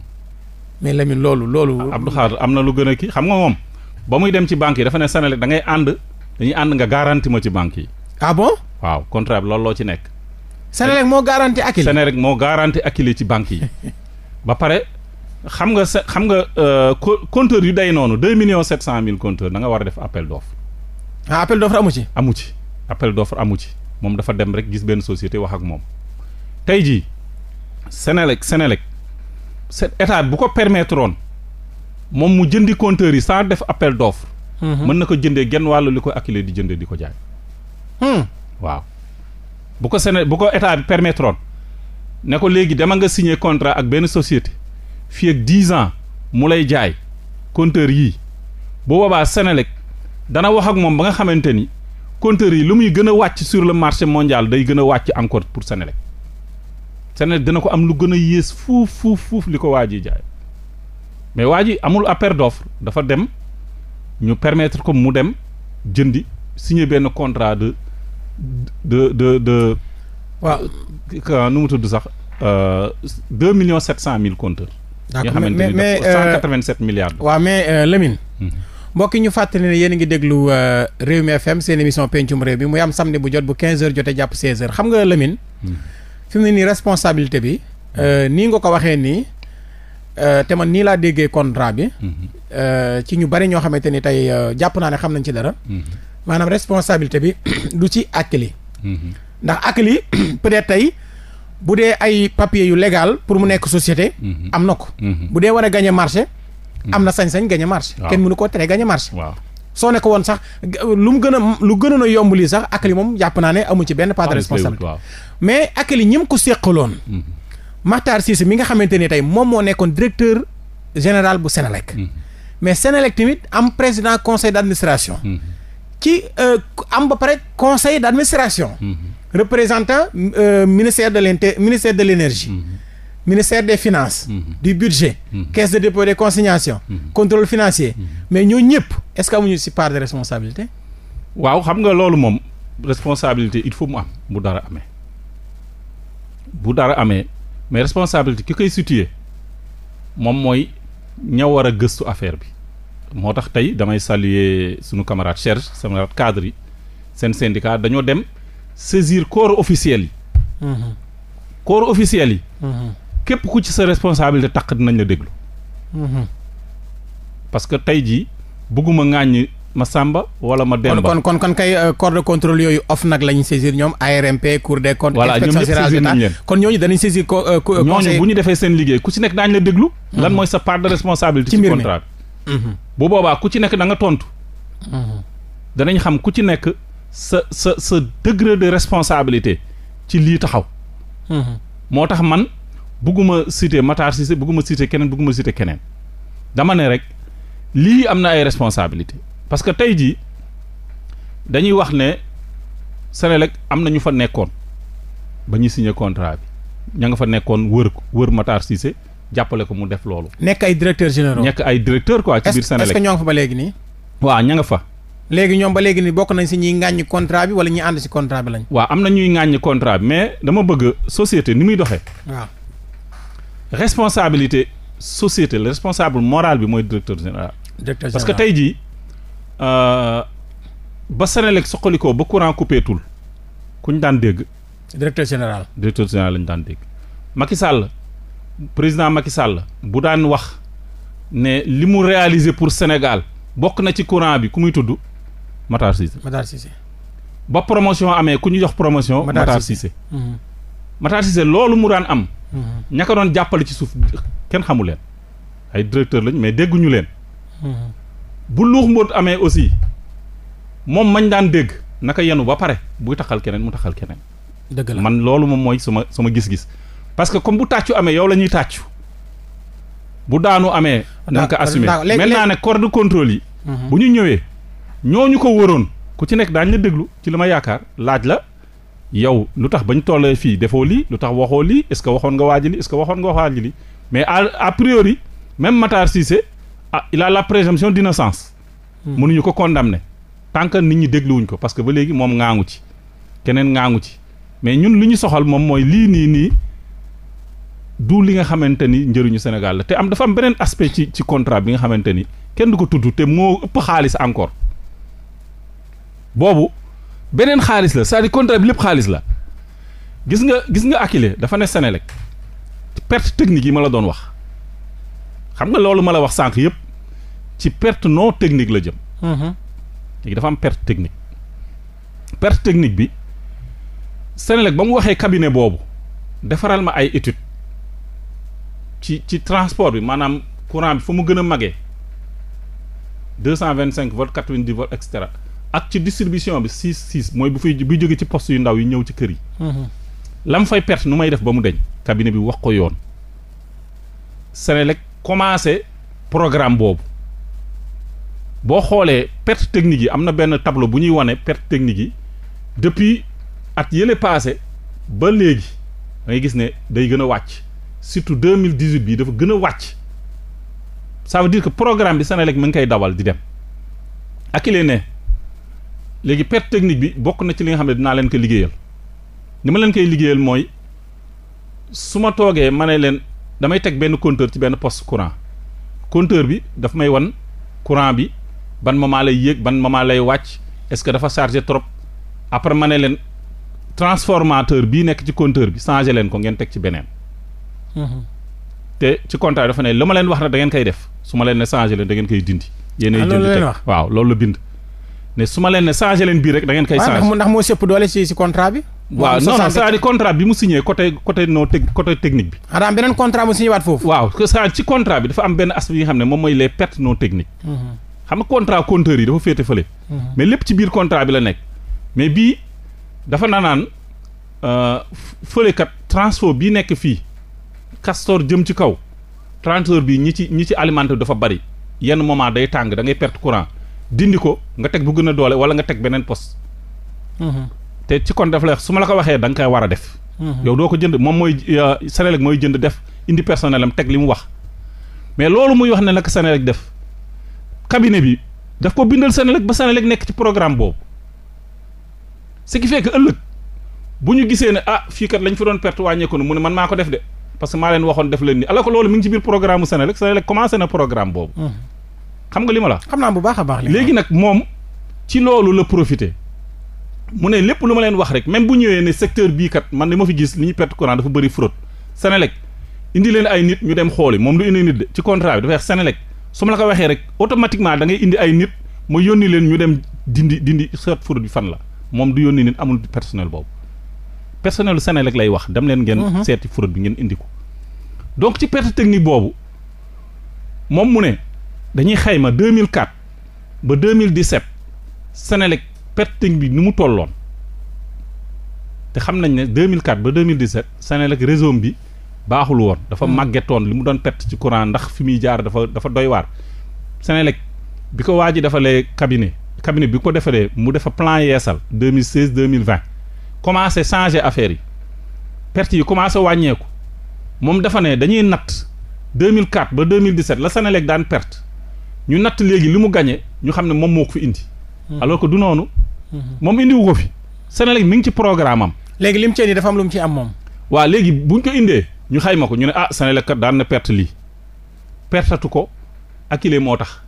mais Lamine loolu loolu. Ah, Abdou Khadre am na lu gën a kii xam nga moom ba muy dem ci banque yi dafa ne Senelec da ngay ànd dañuy ànd nga garanti ma ci banque yi. ah bon waaw contrat bi loolu loo ci nekk. Senelec moo garanti Akilee. Senelec moo garanti Akilee ci banque yi ba pare xam nga sa xam nga euh, compteur yu day noonu deux million sept cent mille compteur danga war a def appel d'offre. ah appel d'offre amu ci. amu ci appel d'offre amu ci. moom dafa dem rek gis benn société wax ak moom tey jii Senelec Senelec état bu ko permettre woon moom mu jëndi compteurs yi sans def appel doof mhm. mën na ko jëndee genn wàllu li ko ak acculé di jëndee di ko jaay hmm. waaw bu ko Séné bu ko état bi permettre woon ne ko léegi demal nga signer contrat ak benn société fii ak dix ans mu lay jaay compteur yii bu boobaa Senelec dana wax ak moom ba nga xamante ni compteurs yi lu muy gën a wàcc sur le marché mondial day gën a wàcc encore pour Senelec Senelec dina ko am lu gën a yées fuuf fuuf fuuf li ko waa ji jaay mais waa ji amul appel d'offre dafa dem ñu permettre comme mu dem jëndi signer benn contrat de de de de. waaw nu mu tudd sax euh, deux millions sept cent mille compteurs. d'accord mais mais mais euh, cent quatre-vingt-sept milliards. waaw mais euh, Lamine. Mhm. mbokk yi ñu fàttali ne yéen a ngi déglu euh, Rewmi FM seen émission pencum réew bi muy am samedi bu jot bu 15h jotee jàpp 16h xam nga Lamine. Hmm. fi mu ne nii responsabilité bi. Hmm. Euh, nii nga ko waxee nii. Euh, te man nii laa déggee contrat bi. Hmm. ci ñu bari ñoo xamante ni tey jàpp naa ne xam nañ ci dara. maanaam responsabilité bi du ci Akilee. ndax Akilee peut-être tey. bu dee ay papier yu légal pour mu nekk société. am na ko. bu dee war a gagner marché. am na sañ-sañ gañ a marché kenn mënu koo tere gañ a marché soo nekk ko woon sax lu mu gën a lu gënoon a yomb sax akali moom jàpp naa ne amu ci benn part de responsabilité mais akali ñim ko séqaloon mhm. Makhtar Cissé mi nga xamante ni tey moom moo nekkoon directeur général bu Sénélec mhm. mais Sénélec tamit am président conseil d'administration mhm. ci euh, am ba pare conseil d'administration représentant euh, ministère de l'intérieur ministère de l'énergie ministère des finances. Mhm. du budget. Mhm. caisse de dépôt des consignations. Mhm. contrôle financier. mais ñoo ñëpp est ce que amuñu si part de responsabilité. waaw xam nga loolu moom responsabilité il faut mu am bu dara amee bu dara amee mais responsabilité ki koy situé moom mooy ña war a gëstu affaire bi. moo tax tey damay saluer suñu camarade cherche sama cadre yi seen syndicat dañoo dem saisir corps officiel yi. corps officiel yi. képp ku ci sa responsabilité taq dinañ la déglu. Mm-hmm. parce que tey jii bëgguma ŋàññi ma Samba wala ma Demba. kon kon kon kay euh, corps de contrôle yooyu off nag la ñu saisir ñoom ARMP cour des comptes. voilà ñoom ñëpp saisir nañ kon ñooñu danañ saisir co euh, conseil. bu ñu defee seen liggéey ku ci nekk daañ la déglu. Mm-hmm. lan mooy sa part de responsabilité. ci contrat mm-hmm. bu boobaa ku ci nekk danga nga tontu. danañ xam ku ci nekk sa sa sa degré de responsabilité ci lii taxaw. moo tax man. bugguma citer Matar Cissé bugguma citer keneen bugguma citer keneen dama ne rek lii am na ay responsabilité parce que tey jii dañuy wax ne Senelec am na ñu fa nekkoon ba ñu signé contrat bi ña ngi fa nekkoon wër ko wër Matar Cissé jàppale ko mu def loolu. nekk ay directeurs généraux. nekk ay directeurs quoi ci biir Senelec. est-ce fa ba léegi nii. waaw ña nga fa. léegi ñoom ba léegi nii bokk nañ si ñuy ŋàññi contrat bi wala ñuy ànd si contrat bi lañ. waa am na ñuy ŋàññi contrat bi mais dama bëgg société ni muy doxee. responsabilité société la responsable morale bi mooy directeur général. directeur parce que tey jii euh, ba Senelec soqalikoo ba courant coupé tul ku ñu daan dégg. directeur général. directeur général la ñu daan dégg Macky Sall président Macky Sall bu daan wax ne li mu réaliser pour Sénégal bokk na ci courant bi ku muy tudd Matar Cissé. ba promotion amee ku ñu jox promotion. Matar Cissé mhm. Matar Cissé loolu mu daan am. ña ko doon jàppale ci suuf kenn xamu leen ay directeur lañ mais dégguñu leen. bu luux mbóot amee aussi moom mañ daan dégg naka yenu ba pare buy taxal keneen mu taxal keneen. dëgg la man loolu moom mooy sama sama gis-gis. parce que comme bu tàccu amee yow la ñuy tàccu bu daanu amee. danga ko assumer maintenant ne corps de contrôle yi. Mhm. bu ñu ñëwee ñoo ñu ko wëroon ku ci nekk daañu la déglu ci li ma yaakaar laaj la. yow lu tax bañ tollee fii defoo lii lu tax waxoo lii est-ce que waxoon nga waaji li est-ce que waxoon nga waaji li mais a priori même Matar Cissé ah la a di présomption d'innocence hmm. mënuñu ko condamner tant que nit ñi dégluwuñ ko parce que ba léegi moom ngaangu ci keneen ngaangu ci mais ñun lu ñu soxal moom mooy lii nii nii du li nga xamante ni njëriñu Sénégal la te am dafa am beneen aspect ci ci contrat bi nga xamante ni kenn du ko tudd te moo ëpp xaalis encore boobu beneen xaalis la c'est-à-dire bi lépp xaalis la gis nga gis nga Akile dafa ne Sénélec perte technique yi ma la doon wax xam nga loolu ma la wax sànq yëpp ci perte non technique la jëm. Mm-hmm. léegi dafa am perte technique perte technique bi Sénélec ba mu waxee cabinet boobu defaral ma ay étude ci ci transport bi maanaam courant bi fu mu gën a magee deux cent vingt cinq volts quatre-vingt-dix cetera. ak ci distribution bi six six mooy bu fay buy jóge ci post yu ndaw yi ñëw ci kër yi. lam fay perte nu may def ba mu deñ cabinet bi wax ko yoon. Senelec commencé programme boobu boo xoolee perte technique yi am na benn tableau bu ñuy wane perte technique yi depuis at yële passé ba léegi da gis ne day gën a wàcc surtout deux mille dix bii dafa gën a wàcc ça veut dire que programme bi Senelec mi ngi koy dawal di dem ak ne. léegi perte technique bi bokk na ci li nga xam ne dinaa leen ko liggéeyal ni ma leen koy liggéeyal mooy su ma toogee ma ne leen damay teg benn compteur ci benn post courant compteur bi dafa may wan courant bi ban moment lay yéeg ban moment lay wàcc est-ce que dafa chargé trop après ma ne leen transformateur bii nekk ci compteur bi changé leen ko ngeen teg ci beneen. Mhm. te ci contrat dafa ne la ma leen wax na da ngeen koy def su ma leen ne changé leen da ngeen koy dindi. yéenay jënd ah, teg waaw loolu la bind. ne su leen ne changé leen bii rek da ngeen koy changé ndax moo sëpp doole si si contrat bi waaw non non c'est-à-dire contrat bi mu signé côté côté non côté technique bi xanaa beneen contrat mu signé waat foofu waaw c'est-à-dire ci contrat dafa am benn aspect xam ne moom mooy les pertes non techniques mm-hmm. xam nga contrat dafa féete fële mm-hmm. mais lépp ci biir contrat la nekk mais bii dafa na naan euh, fële kat transport bii nekk fii castor jëm ci kaw transport bi ñi ci ñi ci alimenté dafa bari yenn moment day tàng da ngay perte courant dindi ko nga teg bu gën a doole wala nga teg beneen poste. Mhm. te ci kon daf lay wax su ma la ko waxee danga koy war a def. Mhm. yow doo ko jënd moom mooy euh, Senelec mooy jënd def indi personnel am teg li mu wax. mais loolu muy wax ne nag Senelec def cabinet bi daf ko bindal Senelec ba Senelec nekk ci programme boobu ce qui fait que ëllëg bu ñu gisee ne ah fii kat lañ fi doon perte wàññeeku ne mu ne man maa ko def de parce maa leen waxoon def leen ni alors que loolu mi ngi na programme boobu. Mhm. xam nga li ma la. xam naa bu baax a baax. léegi nag moom ci loolu la profité mu ne lépp lu ma leen wax rek même bu ñëwee ne secteur bii kat man li ma fi gis li ñu perte dafa bëri fraude Senelec indi leen ay nit ñu dem xooli moom du indi nit de ci contrat bi dafa wax Senelec su ma la ko waxee rek automatiquement da ngay indi ay nit ma yónni leen ñu dem dindi dindi seet fraude bi fan la moom du yónni nit amul personnel boobu personnel Senelec lay wax dem leen ngeen mhm. seeti fraude bi ngeen indi ko donc ci perte technique boobu moom mu ne dañuy xayma 2004 ba 2017 Senelec perte bi nu mu tolloon te xam nañ ne 2004 ba 2017 Senelec réseau bi baaxul woon. dafa hmm. màggetoon li mu doon perte ci courant ndax fi muy jaar dafa dafa doy waar. Senelec bi ko waa ji defalee cabinet cabinet bi ko defalee mu defa plan yeesal 2016 2020 commencé changer affaire yi perte yi commencé wàññeeku moom dafa ne dañuy natt 2004 ba 2017 la Senelec daan pert ñu natt léegi li mu gagné ñu xam ne moom moo indi. Hmm. alors ko du noonu. Hmm. moom indiwu ko fi. Senelec mi ngi ci programme am. léegi lim ci indi dafa am lu mu ci am moom. waa léegi buñ ko indee ñu xayma ko ñu ne ah Senelec kat daan na perte lii pertatu ko Akilee moo tax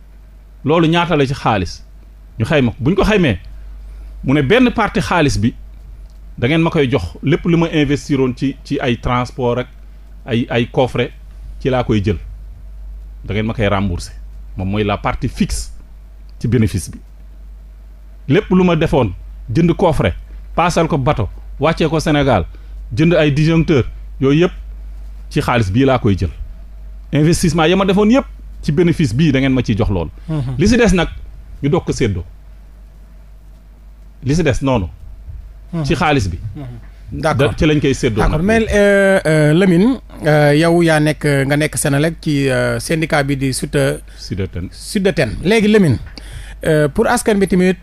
loolu ñaata la ci xaalis ñu xayma ko buñ ko xaymee mu ne benn partie xaalis bi da ngeen ma koy jox lépp li ma investiroon ci ci ay transport rek ay ay coffre ci laa koy jël da ngeen ma koy rembourser. moom mooy la partie fixe ci bénéfice bi lépp lu ma defoon jënd kofre paasal ko bato wàccee ko Sénégal jënd ay disjoncteur yooyu yëpp ci xaalis bii laa koy jël investissement ya ma defoon yëpp ci bénéfice bii da ngeen ma ciy jox loolu mhm. li si des nag ñu doog ko séddoo li si des noonu mhm. ci xaalis bi mhm. d'accord ci lañ koy séddoo. d'accord mais euh, euh, Lamine euh, yow yaa nekk nga nekk Senelec ci syndicat bi di SUTE. SUDETEN SUDETEN léegi Lamine. pour askan bi tamit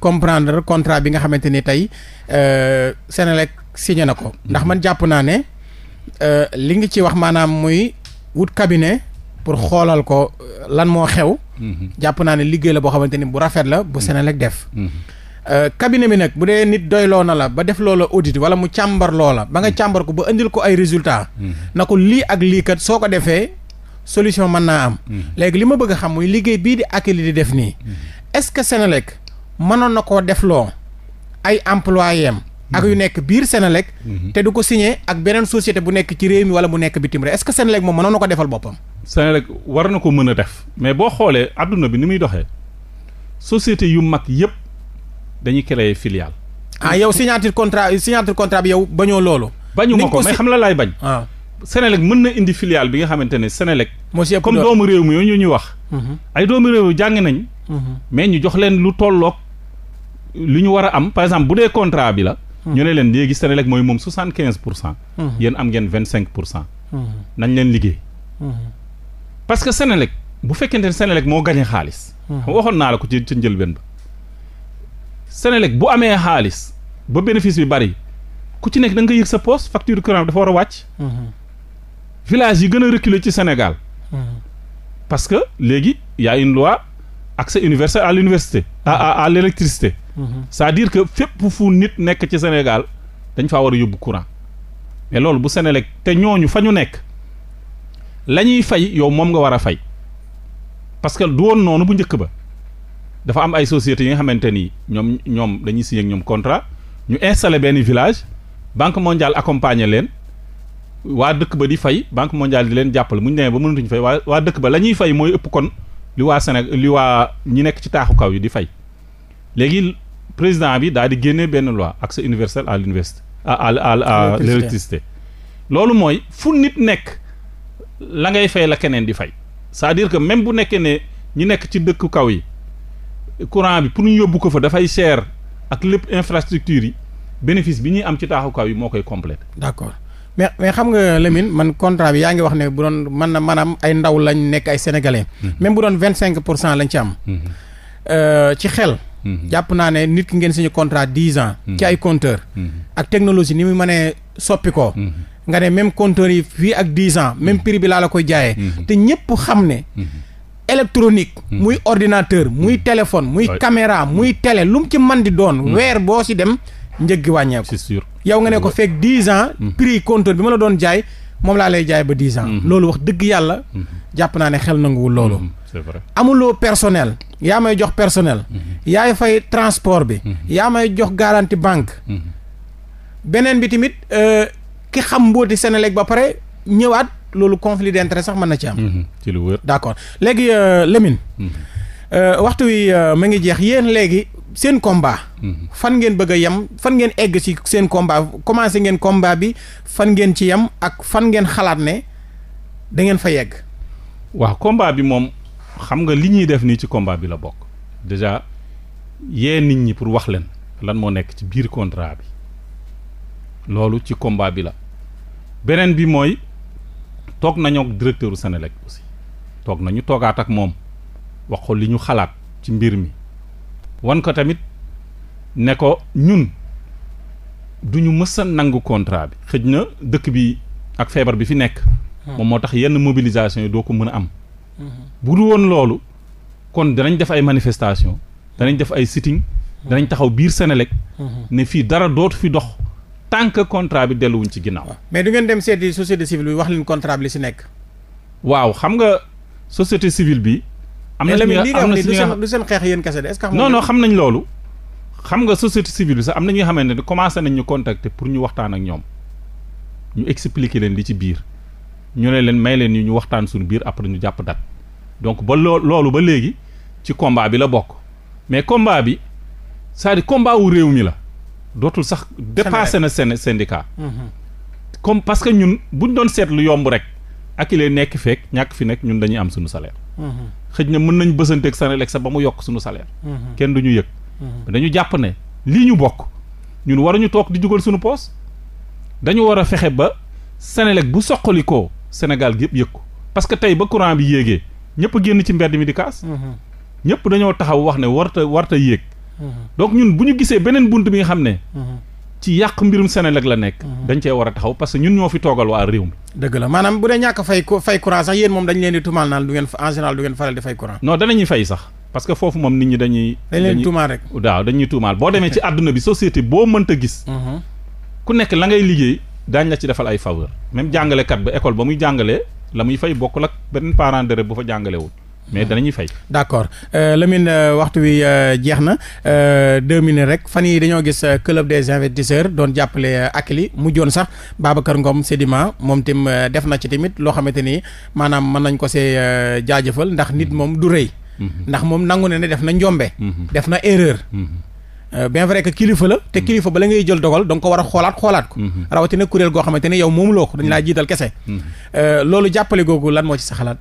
comprendre contrat bi nga xamante ni tey Senelec signé na ko. ndax man jàpp naa ne li nga ci wax maanaam muy wut cabinet pour xoolal ko lan moo xew. Mhm. jàpp naa ne liggéey la boo xamante ni bu rafet la bu mhm. Senelec def. Mhm. Euh, cabinet bi nag bu dee nit doyloo na la ba def loola audit wala mu càmbarloo la ba nga hmm. càmbar ko ba indil ko ay résultat hmm. na ko lii ak lii kat soo ko defee solution mën naa am hmm. léegi li ma bëgg xam muy liggéey bii di Akilee di def nii est-ce que Senelec mënoon na koo defloo ay employé am ak yu nekk biir Senelec te du ko signé ak beneen société bu nekk ci réew mi wala bu nekk bitim réew est-ce que Senelec moom mënoon na ko defal boppam Senelec war na ko mën a def mais boo xoolee adduna bi ni muy doxee société yu mag yëpp dañuy créer filiale. ah yow signature contrat signature contrat bi yow bañoo loolu. bañu moo ko mais xam la laay bañ. ah Sénélec mën na indi filiale bi nga xamante ne Sénélec. monsieur comme doomu réew mi ñu ñu wax. Mhm. ay doomu réew jàng nañ. Mhm. mais ñu jox leen lu tolloog lu ñu war a am par exemple bu dee contrat bi la. Mhm. ñu ne leen léegi Sénélec mooy moom soixante quinze pour cent. yéen am ngeen vingt cinq pour cent. nañ leen liggéey. parce que Sénélec bu fekkente ne Sénélec moo gañe xaalis. waxoon naa la ko ci ci njëlbeen ba. Senelec bu amee xaalis ba bénéfice bi bari ku ci nekk danga nga yëg sa poste facture courant dafa war a wàcc. Mhm. village yi gën a reculé ci Sénégal. Mhm. parce que léegi y a une loi accès universel à l'université à à à l'électricité. Mhm. cest que fépp fu nit nekk ci Sénégal dañ faa war a yóbbu courant. mais loolu bu Senelec te ñooñu fa ñu nekk la ñuy fay yow moom nga war a fay parce que du woon noonu bu njëkk ba. dafa am ay sociétés yi nga xamante ni ñoom ñoom dañuy signé ak ñoom contrat ñu installé benn village banque mondiale accompagner leen waa dëkk ba di fay banque mondiale di leen jàppale mu ñu demee ba mënatuñu fay waa waa dëkk ba la ñuy fay mooy ëpp kon li waa Sénégal li waa ñi nekk ci taaxu kaw yi di fay léegi président bi daal di génnee benn loi accès universel à l'université à à loolu mooy fu nit nekk la ngay fay la keneen di fay c'est-à-dire que même bu nekkee ne ñi nekk ci dëkku kaw yi courant bi pour ñu yóbbu ko fa dafay cher ak lépp infrastructure yi bénéfice bi ñuy am ci taaxukaay yi moo koy complète d'accord mais mais xam nga Lamine man contrat bi yaa ngi wax ne bu doon man na maanaam ay ndaw lañ nekk ay sénégalais. Mhm. même bu doon vingt cinq pour cent lañ ci am. Mhm. Euh, ci xel. Mhm. jàpp naa ne nit ki ngeen suñu contrat dix ans. ci ay compteurs. ak technologie ni mu mënee soppi ko. nga ne même compteurs yi fii ak dix ans même prix bi laa la koy jaayee. te ñëpp xam ne. électronique hmm. muy ordinateur muy hmm. téléphone muy caméra muy hmm. tele lum ci man di doon weer boo ci dem njëg gi wàññeeku yow nga ne ko fekk dix ans prix compteur bi ma la doon jaay moom laa lay jaay ba dix ans loolu wax dëgg yàlla jàpp naa ne xel nanguwul loolu c'est amuloo personnel yaa may jox personnel yaay fay transport bi yaa may jox garantie banque beneen bi tamit euh, ki xam mbooti Senelec ba pare ñëwaat loolu conflit d'intérêt sax mën na ci am. Mhm, ci lu wër d'accord léegi euh, Lamine. Mhm. Euh, waxtu wi euh, ma ngi jeex yéen léegi seen combat. Mhm. fan ngeen bëgg a yem fan ngeen egg ci seen combat commencé ngeen combat bi fan ngeen ci yem ak fan ngeen xalaat ne da ngeen fa yegg. waaw combat bi moom xam nga li ñuy def nii ci combat bi la bokk déjà yee nit ñi pour wax leen lan moo nekk ci biir contrat bi loolu ci combat bi la beneen bi mooy. toog nañoo ak directeur u aussi toog nañu toogaat ak moom wax ko li ñu xalaat ci mbir mi wan ko tamit ne ko ñun duñu mës a nangu contrat bi xëj na dëkk bi ak feebar bi fi nekk hmm. moom moo tax yenn mobilisation yi doo ko mën a am hmm. bu du woon loolu kon danañ def ay manifestation danañ def ay sitting hmm. danañ taxaw biir Senelec ne fii dara dootu fi dox tant que contrat bi delluwuñ ci ginnaaw. mais du ngeen dem seeti société civile bi wax leen contrat bi li si nekk. waaw xam nga société civile bi. am na si am seen xeex yéen kese de est-ce xam nañ loolu. xam nga société civile bi sax am na ñuy xamante ne commencé nañ ñu contacter pour ñu waxtaan ak ñoom ñu expliquer leen li ci biir ñu ne leen may leen ñu ñu waxtaan suñu biir après ñu jàpp dat donc ba loo loolu ba léegi ci combat bi la bokk mais combat bi c'est-à-dire réew mi la. dootul sax dépassé na seen syndicat mhm. comme parce que ñun ñu doon seetlu yomb rek ak ilee nekk feek ñàkk fi nekk ñun dañuy am suñu salaire mhm. xëj na mën nañ bësanteeg Senelec sax ba mu yokk sunu salaire mhm. kenn du ñu yëg dañu jàpp ne lii ñu bokk ñun waruñu toog di jugal suñu poos dañu war a fexe ba Senelec bu soqalikoo Sénégal gi yëpp yëg ko parce que tey ba courant bi yéegee ñëpp génn ci mbedd mi di kaas ñëpp dañoo taxaw wax ne warta warta yéeg donc ñun bu ñu gisee beneen bunt bi nga xam ne. Mhm. ci yàq mbirum Senelec la nekk. Mhm. dañ cee war a taxaw parce que ñun ñoo fi toogal waa réew mi. dëgg la maanaam bu dee ñàkk fay fay courant sax yéen moom dañ leen di tumaal naan du ngeen en général du ngeen faral di fay courant. non danañuy fay sax parce que foofu moom nit ñi dañuy. dañ leen tumaal rek waaw dañuy tumaal boo demee ci àdduna bi société boo mënta gis. Mhm. ku nekk la ngay liggéey daañ la ci defal ay faveur même jàngalekat ba école ba muy jàngalee la muy fay bokkul ak benn parent d'élève bu fa jàngalewul mais danañuy fay. d' accord euh, lemin euh, waxtu wi euh, jeex na deux minutes rek fan yi dañoo gis club des investisseurs doon jàppale Akili mujjoon sax Babacar Ngom Sedima moom tim def na ci tamit loo xamante ni maanaam mën nañ ko see jaajëfal ndax nit mm-hmm. moom du rëy. Mm-hmm. ndax moom nangu ne ne def na njombe. Mm-hmm. def na erreur. bien vrai que kilifa la. te kilifa la ngay jël dogal da ko war a xoolaat xoolaat ko. rawatina kuréel goo xamante ne yow moomuloo ko dañ laa jiital kese. loolu jàppale googu lan moo ci sa xalaat.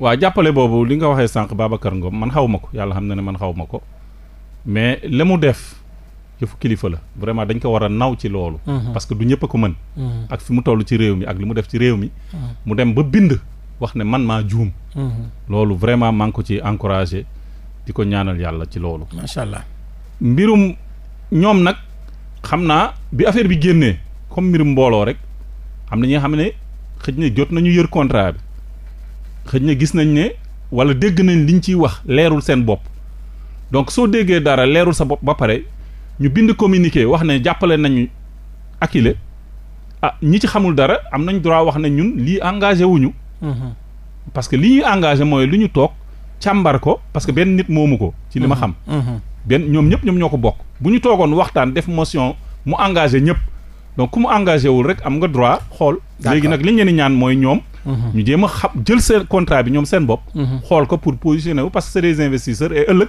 waa jàppale boobu li nga waxee sànq Babacar Ngom man xaw ma ko yàlla xam na ne man xaw ma ko mais li mu def yëfu kilifa la vraiment dañ ko war a naw ci loolu. Mhm. parce que du ñëpp ko mën. Mhm. ak fi mu toll ci réew mi ak li mu def ci réew mi. Mhm. mu dem ba bind wax ne man maa juum. loolu vraiment maa ngi ko ci encouragé di ko ñaanal yàlla ci loolu. macha allah mbirum ñoom nag xam naa bi affaire bi génnee comme mbirum mbooloo rek am na ñi nga xam ne xëj na jot nañu yër contrat bi. xëy na gis nañ ne wala dégg nañ liñ ciy wax leerul seen bopp donc soo déggee dara leerul sa bopp ba pare ñu bind communiqué wax ne jàppale nañu Akile ah ñi ci xamul dara am nañ droit wax ne ñun lii engagé wuñu mm-hmm. parce que li ñuy engagé mooy lu ñu toog càmbar ko parce que benn nit moomu ko ci li ma mm-hmm. xam mm-hmm. benn ñoom ñëpp ñoom ñoo ko bokk bu ñu toogoon waxtaan def motion mu engagé ñëpp donc ku mu engagé wul rek am nga droit xool léegi nag li ñu leen ñaan mooy ñoom mhm. ñu jéem a xam jël seen contrat bi ñoom seen bopp mhm. xool ko pour positionner wu parce que c'est des investisseurs et ëllëg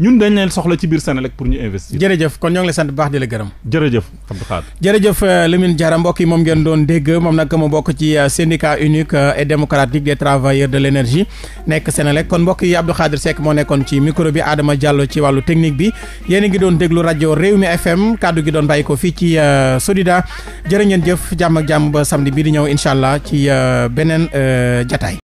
ñun dañu leen soxla ci biir Senelec pour ñu investir. jërëjëf kon ñoo ngi lay sant bu baax di la gërëm. jërëjëf Abdou Khadre. jërëjëf euh, Lamine Diarra mbokk moom ngeen doon dégg moom nag mu bokk ci euh, syndicat unique euh, et démocratique des travailleurs de l' énergie nekk Senelec kon mbokk yi Abdou Khadre Seck moo nekkoon ci micro bi Adama Diallo ci wàllu technique bi yéen a ngi doon déglu rajo réew mi FM kàddu gi doon bàyyi ko fii ci Sodida jër ngeen jëf jàmm jàmm ba samedi bii di ñëw incha allah ci beneen jataay